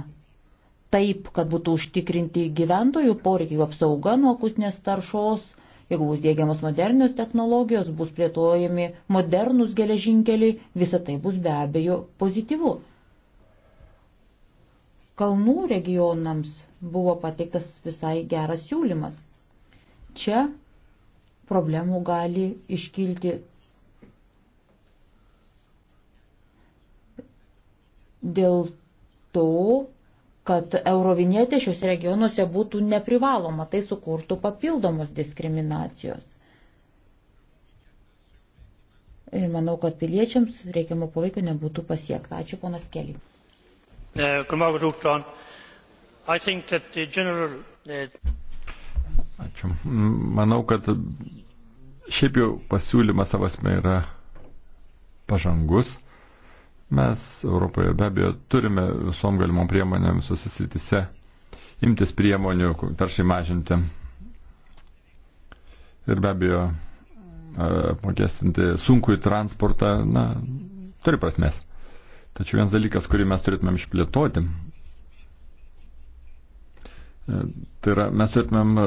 taip, kad būtų užtikrinti gyventojų poreikiai apsauga nuo akusnės taršos, jeigu bus dėgiamos modernios technologijos, bus plėtojami modernus geležinkeliai, visa tai bus be abejo pozityvu. Kalnų regionams buvo pateiktas visai geras siūlymas. Čia problemų gali iškilti dėl to, kad eurovinietė šiuose regionuose būtų neprivaloma, tai sukurtų papildomos diskriminacijos. Ir manau, kad piliečiams reikiamo poveikio nebūtų pasiekta. Ačiū, ponas Kelly. Eh, eh, Ačiū. Manau, kad šiaip jau pasiūlymas savasme yra pažangus Mes Europoje be abejo turime visom galimom priemonėm susisitise imtis priemonių taršai mažinti. Ir be abejo, apmokestinti sunkų į transportą, na, turi prasmės. Tačiau vienas dalykas, kurį mes turėtumėm išplėtoti, e, tai yra mes turėtumėm e,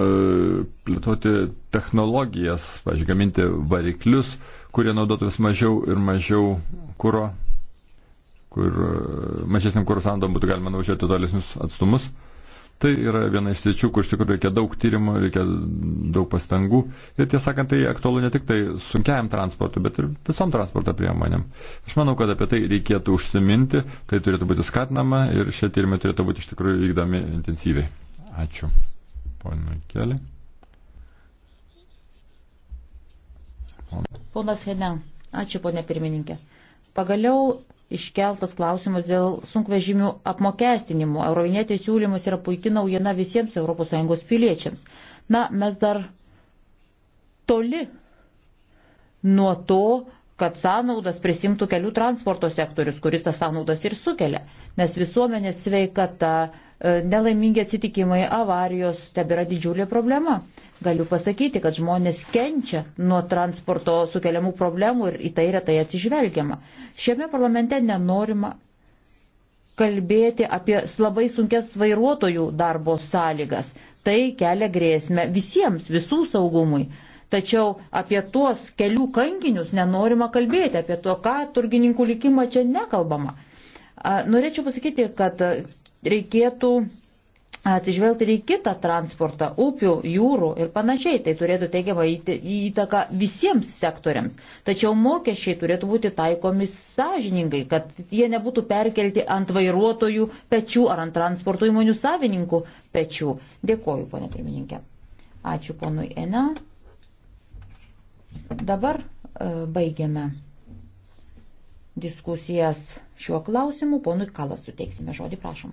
plėtoti technologijas, pažiūrėjau, gaminti variklius, kurie naudotų vis mažiau ir mažiau kūro kur e, mažesniam kūro sandom būtų galima nuvažiuoti tolesnius atstumus. Tai yra viena iš sričių, kur iš tikrųjų reikia daug tyrimų, reikia daug pastangų. Ir tiesą sakant, tai aktualu ne tik tai sunkiajam transportui, bet ir visom transporto priemonėm. Aš manau, kad apie tai reikėtų užsiminti, tai turėtų būti skatinama ir šie tyrimai turėtų būti iš tikrųjų vykdomi intensyviai. Ačiū. Ponui Keliai. Ponas Hedel, ačiū ponė pirmininkė. Pagaliau iškeltas klausimas dėl sunkvežimių apmokestinimo. Eurovinėtės siūlymas yra puikia naujiena visiems ES piliečiams. Na, mes dar toli nuo to, kad sąnaudas prisimtų kelių transporto sektorius, kuris tas sąnaudas ir sukelia nes visuomenės sveikata, e, nelaimingi atsitikimai, avarijos tebėra didžiulė problema. Galiu pasakyti, kad žmonės kenčia nuo transporto sukeliamų problemų ir į tai retai atsižvelgiama. Šiame parlamente nenorima kalbėti apie labai sunkes vairuotojų darbo sąlygas. Tai kelia grėsmę visiems, visų saugumui. Tačiau apie tuos kelių kankinius nenorima kalbėti, apie to, ką turgininkų likimą čia nekalbama. Norėčiau pasakyti, kad reikėtų atsižvelgti ir į kitą transportą, upių, jūrų ir panašiai. Tai turėtų teigiamą įtaką visiems sektoriams. Tačiau mokesčiai turėtų būti taikomi sąžiningai, kad jie nebūtų perkelti ant vairuotojų pečių ar ant transporto įmonių savininkų pečių. Dėkoju, ponė pirmininkė. Ačiū ponui Ena. Dabar e, baigiame diskusijas šiuo klausimu. Ponui Kalas suteiksime žodį, prašom.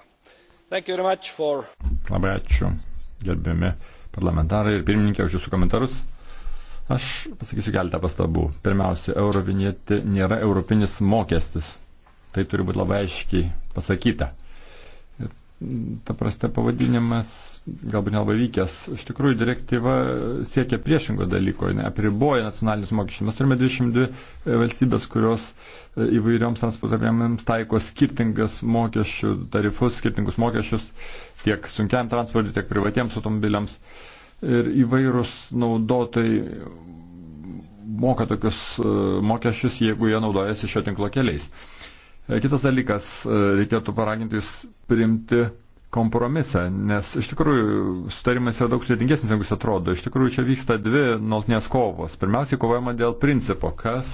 Ah. For... Labai ačiū, gerbiami parlamentarai ir pirmininkė, už jūsų komentarus. Aš pasakysiu keletą pastabų. Pirmiausia, eurovinėti nėra europinis mokestis. Tai turi būti labai aiškiai pasakyta paprastai pavadinimas galbūt nelabai vykęs. Iš tikrųjų, direktyva siekia priešingo dalyko, ne, apriboja nacionalinius mokesčius. Mes turime 22 e, valstybės, kurios e, įvairioms transporto priemonėms taiko skirtingas mokesčių tarifus, skirtingus mokesčius tiek sunkiam transportui, tiek privatiems automobiliams. Ir įvairūs naudotojai moka tokius e, mokesčius, jeigu jie naudojasi šio tinklo keliais. E, kitas dalykas, e, reikėtų paraginti jūs priimti kompromisą, nes iš tikrųjų sutarimas yra daug sudėtingesnis, negu jis atrodo. Iš tikrųjų čia vyksta dvi nuolatinės kovos. Pirmiausiai kovojama dėl principo, kas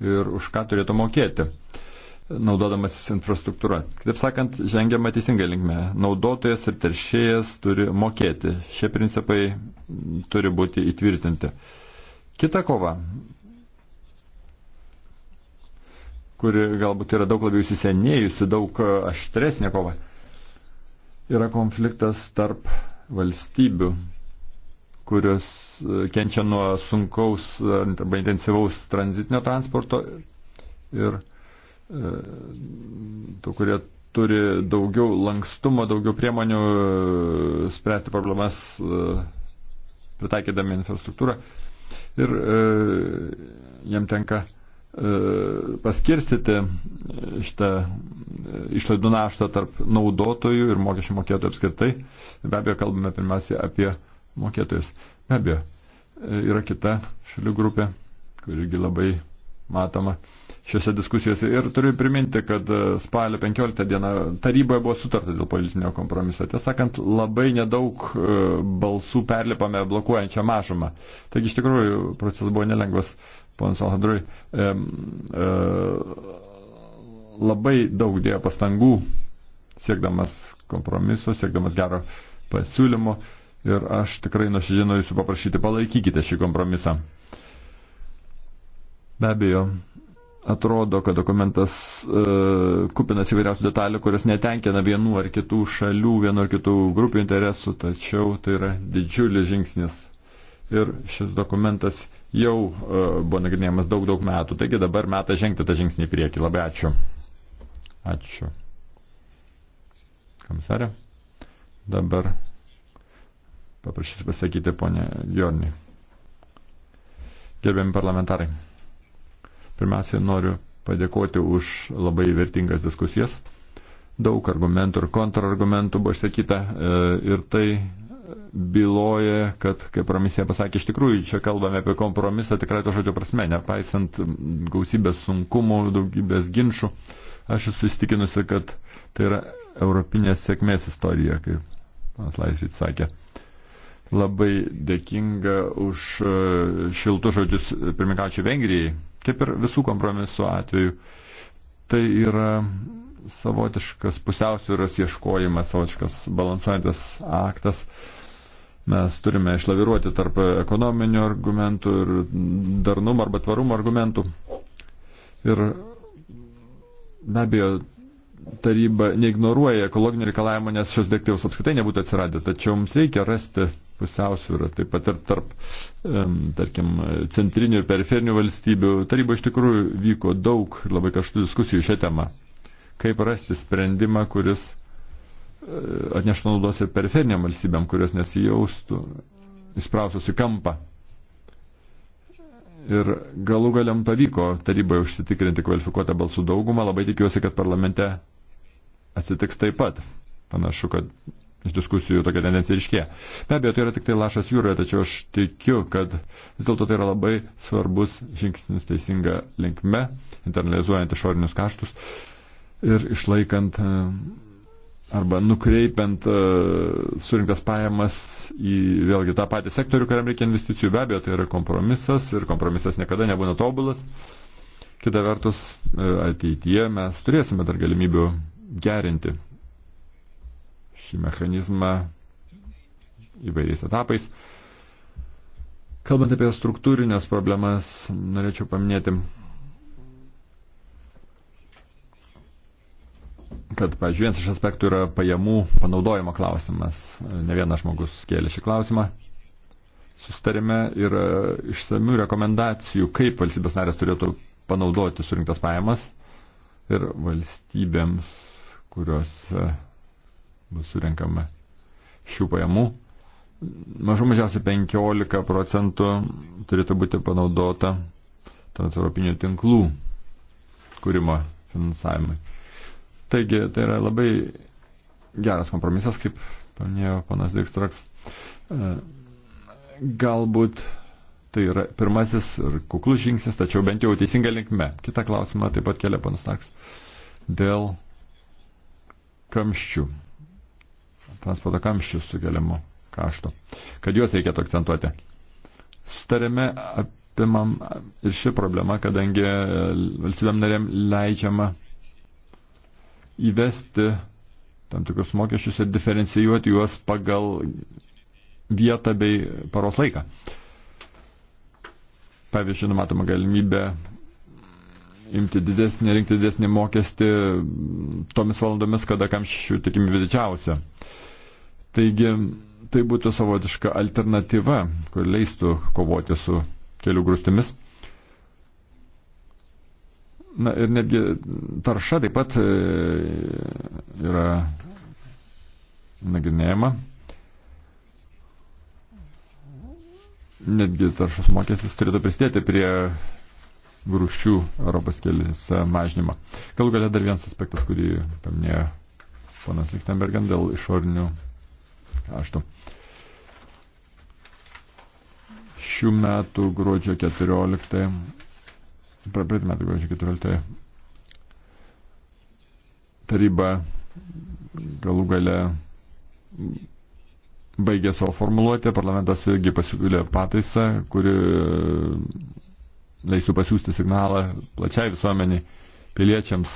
ir už ką turėtų mokėti, naudodamasis infrastruktūra. Kitaip sakant, žengiama teisingai linkme. Naudotojas ir teršėjas turi mokėti. Šie principai turi būti įtvirtinti. Kita kova kuri galbūt yra daug labiau įsisenėjusi, daug e, aštresnė kova, yra konfliktas tarp valstybių, kurios e, kenčia nuo sunkaus e, arba intensyvaus tranzitinio transporto ir tų, kurie turi daugiau lankstumo, daugiau priemonių spręsti problemas pritaikydami infrastruktūrą. Ir e, jam tenka e, paskirstyti šitą e, išlaidų naštą tarp naudotojų ir mokesčių mokėtojų apskritai. Be abejo, kalbame pirmiausia apie mokėtojus. Be abejo, e, yra kita šalių grupė, kuri irgi labai matoma šiuose diskusijose. Ir turiu priminti, kad e, spalio 15 dieną taryboje buvo sutarta dėl politinio kompromiso. Tiesąkant, labai nedaug balsų perlipame blokuojančią mažumą. Taigi iš tikrųjų procesas buvo nelengvas ponas Alhadrui e, e, labai daug dėjo pastangų siekdamas kompromiso, siekdamas gero pasiūlymo ir aš tikrai nuoširdžiai noriu jūsų paprašyti, palaikykite šį kompromisą. Be abejo, atrodo, kad dokumentas e, kupinas įvairiausių detalių, kurios netenkina vienų ar kitų šalių, vienų ar kitų grupių interesų, tačiau tai yra didžiulis žingsnis. Ir šis dokumentas jau e, buvo nagrinėjamas daug daug metų. Taigi dabar metas žengti tą žingsnį į priekį. Labai ačiū. Ačiū. Komisarė. Dabar paprašysiu pasakyti ponė Jorni. Gerbiami parlamentarai. Pirmiausia, noriu padėkoti už labai vertingas diskusijas. Daug argumentų ir kontrargumentų buvo išsakyta e, ir tai byloja, kad, kaip komisija pasakė, iš tikrųjų čia kalbame apie kompromisą tikrai to žodžio prasme, nepaisant gausybės sunkumų, daugybės ginčių. Aš esu įstikinusi, kad tai yra europinės sėkmės istorija, kaip panas Laisvit sakė. Labai dėkinga už e, šiltus žodžius pirmikačių Vengrijai, kaip ir visų kompromisų atveju. Tai yra savotiškas pusiausvėros ieškojimas, savotiškas balansuojantis aktas. Uh, Mes turime išlaviruoti tarp ekonominių argumentų ir darnumo arba tvarumo argumentų. Ir be abejo, taryba neignoruoja ekologinio reikalavimo, nes šios direktyvos apskritai nebūtų atsiradę. Tačiau mums reikia rasti pusiausvyrą, taip pat ir tarp, tarkim, centrinių ir periferinių valstybių. Taryba iš tikrųjų vyko daug ir labai kažtų diskusijų šią temą. Kaip rasti sprendimą, kuris atneštų naudos ir periferiniam valstybėm, kurios nesijaustų įsprausus į kampą. Ir galų galiam pavyko taryboje užsitikrinti kvalifikuotą balsų daugumą, labai tikiuosi, kad parlamente atsitiks taip pat. Panašu, kad iš diskusijų tokia tendencija ryškėja. Be abejo, tai yra tik tai lašas jūroje, tačiau aš tikiu, kad vis dėlto tai yra labai svarbus žingsnis teisinga linkme, internalizuojant išorinius kaštus ir išlaikant uh, arba nukreipiant e, surinktas pajamas į vėlgi tą patį sektorių, kuriam reikia investicijų. Be abejo, tai yra kompromisas ir kompromisas niekada nebūna tobulas. Kita vertus, e, ateityje mes turėsime dar galimybių gerinti šį mechanizmą įvairiais etapais. Kalbant apie struktūrinės problemas, norėčiau paminėti kad, pavyzdžiui, vienas iš aspektų yra pajamų panaudojimo klausimas. Ne vienas žmogus kėlė šį klausimą. Sustarime ir išsamių rekomendacijų, kaip valstybės narės turėtų panaudoti surinktas pajamas ir valstybėms, kurios e, bus surinkama šių pajamų. Mažų mažiausiai 15 procentų turėtų būti panaudota transeuropinių tinklų kūrimo finansavimui. Taigi, tai yra labai geras kompromisas, kaip paminėjo panas Dikstraks. E, galbūt tai yra pirmasis ir kuklus žingsnis, tačiau bent jau teisinga linkme. Kita klausimą taip pat kelia panas Dikstraks. Dėl kamščių, transporto kamščių sukeliamų kaštų, kad juos reikėtų akcentuoti. Sustarėme apimam ir ši problema, kadangi valstybėm narėm leidžiama įvesti tam tikrus mokesčius ir diferencijuoti juos pagal vietą bei paros laiką. Pavyzdžiui, numatoma galimybė imti didesnį, rinkti didesnį mokestį tomis valandomis, kada kamščių tikimybė didžiausia. Taigi, tai būtų savotiška alternatyva, kur leistų kovoti su kelių grūstimis. Na ir netgi tarša taip pat e, yra nagrinėjama. Netgi taršos mokestis turėtų prisidėti prie grūščių Europos keliuose mažinimo. Galų galia dar vienas aspektas, kurį paminėjo ponas Lichtenbergen dėl išorinių kaštų. Šių metų gruodžio 14 praeitų metų, gruodžio 14 taryba galų gale baigė savo formuluotę, parlamentas irgi pasiūlė pataisą, kuri e, leisų pasiūsti signalą plačiai visuomeniai piliečiams.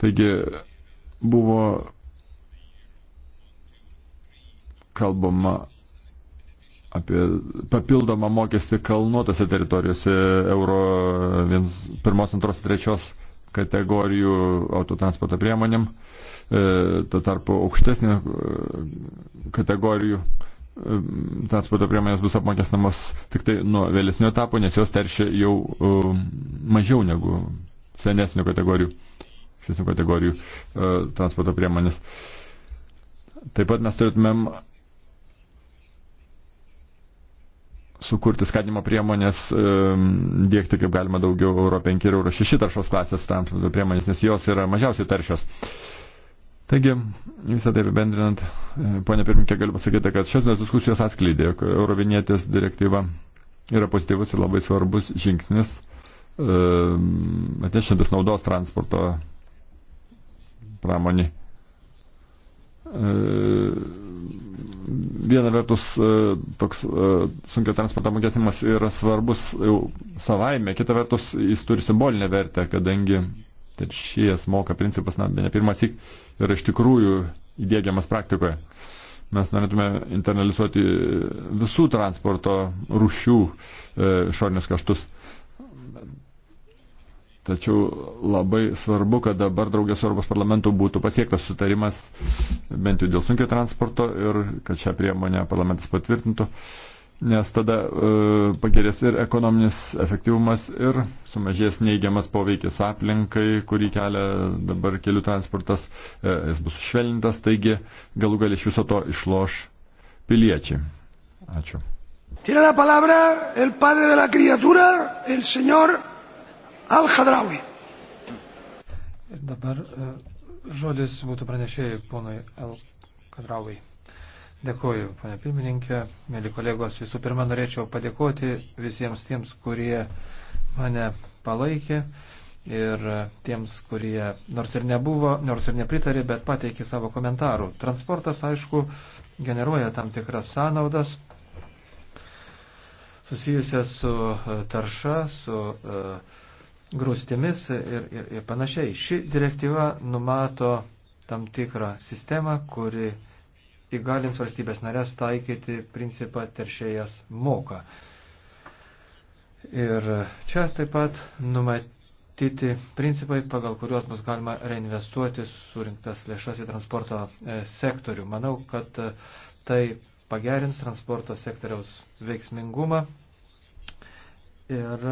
Taigi buvo kalbama apie papildomą mokestį kalnuotose teritorijose euro 1, 2, 3 kategorijų autotransporto priemonėm, e, tuo tarpu aukštesnė e, kategorijų e, transporto priemonės bus apmokestinamos tik tai nuo vėlesnių etapų, nes jos teršia jau mažiau negu senesnių kategorijų, senesnių kategorijų transporto priemonės. Taip pat mes turėtumėm sukurti skatinimo priemonės, dėkti kaip galima daugiau Euro 5 ir Euro 6 taršos klasės transporto priemonės, nes jos yra mažiausiai taršios. Taigi, visą tai apibendrinant, e, ponė pirmininkė, galiu pasakyti, kad šios diskusijos atskleidė, jog Eurovinietės direktyva yra pozityvus ir labai svarbus žingsnis atnešantis naudos transporto pramonį. E, viena vertus e, toks e, sunkio transporto apmokestinimas yra svarbus jau savaime, kita vertus jis turi simbolinę vertę, kadangi teršėjas moka principas, na, ne pirmas įk yra iš tikrųjų įdėgiamas praktikoje. Mes norėtume internalizuoti visų transporto rušių išorinius kaštus Tačiau labai svarbu, kad dabar draugės Europos parlamentų būtų pasiektas sutarimas bent jau dėl sunkio transporto ir kad šią priemonę parlamentas patvirtintų, nes tada e, pagerės ir ekonominis efektyvumas ir sumažės neigiamas poveikis aplinkai, kurį kelia dabar kelių transportas, e, jis bus švelnintas, taigi galų gal iš viso to išloš piliečiai. Ačiū. Tiene la palabra el padre de la criatura, el señor Al-Hadraui. Ir dabar e, žodis būtų pranešėjai ponui Al-Hadraui. Dėkuoju, ponė pirmininkė, mėly kolegos. Visų pirma, norėčiau padėkoti visiems tiems, kurie mane palaikė ir e, tiems, kurie nors ir nebuvo, nors ir nepritarė, bet pateikė savo komentarų. Transportas, aišku, generuoja tam tikras sąnaudas susijusias su e, tarša, su uh, grūstimis ir, ir, ir panašiai. Ši direktyva numato tam tikrą sistemą, kuri įgalins valstybės narės taikyti principą teršėjas moka. Ir čia taip pat numatyti principai, pagal kuriuos bus galima reinvestuoti surinktas lėšas į transporto e, sektorių. Manau, kad e, tai pagerins transporto sektoriaus veiksmingumą ir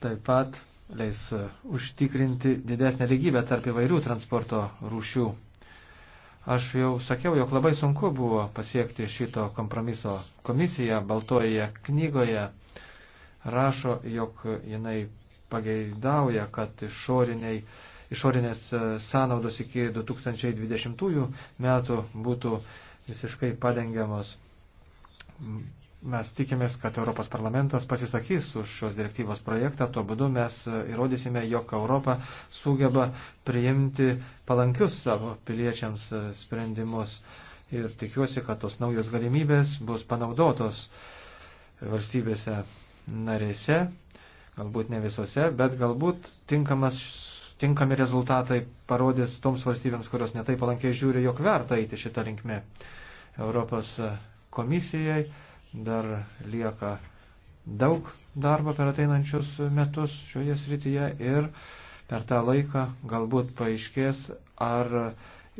taip pat leis e, užtikrinti didesnę lygybę tarp įvairių transporto rūšių. Aš jau sakiau, jog labai sunku buvo pasiekti šito kompromiso. Komisija Baltojoje knygoje rašo, jog jinai pageidauja, kad išoriniai, išorinės e, sąnaudos iki 2020 metų būtų visiškai padengiamos Mes tikimės, kad Europos parlamentas pasisakys už šios direktyvos projektą, tuo būdu mes įrodysime, jog Europa sugeba priimti palankius savo piliečiams sprendimus. Ir tikiuosi, kad tos naujos galimybės bus panaudotos valstybėse narėse, galbūt ne visose, bet galbūt tinkamas, tinkami rezultatai parodys toms valstybėms, kurios netai palankiai žiūri, jog verta eiti šitą linkmę. Europos komisijai dar lieka daug darbo per ateinančius metus šioje srityje ir per tą laiką galbūt paaiškės, ar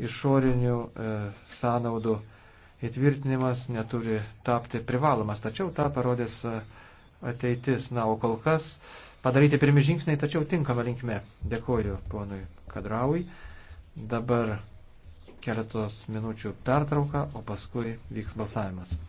išorinių e, sąnaudų įtvirtinimas neturi tapti privalomas. Tačiau tą parodys e, ateitis. Na, o kol kas padaryti pirmi žingsniai, tačiau tinkama linkme. Dėkuoju ponui Kadraui. Dabar keletos minučių pertrauka, o paskui vyks balsavimas.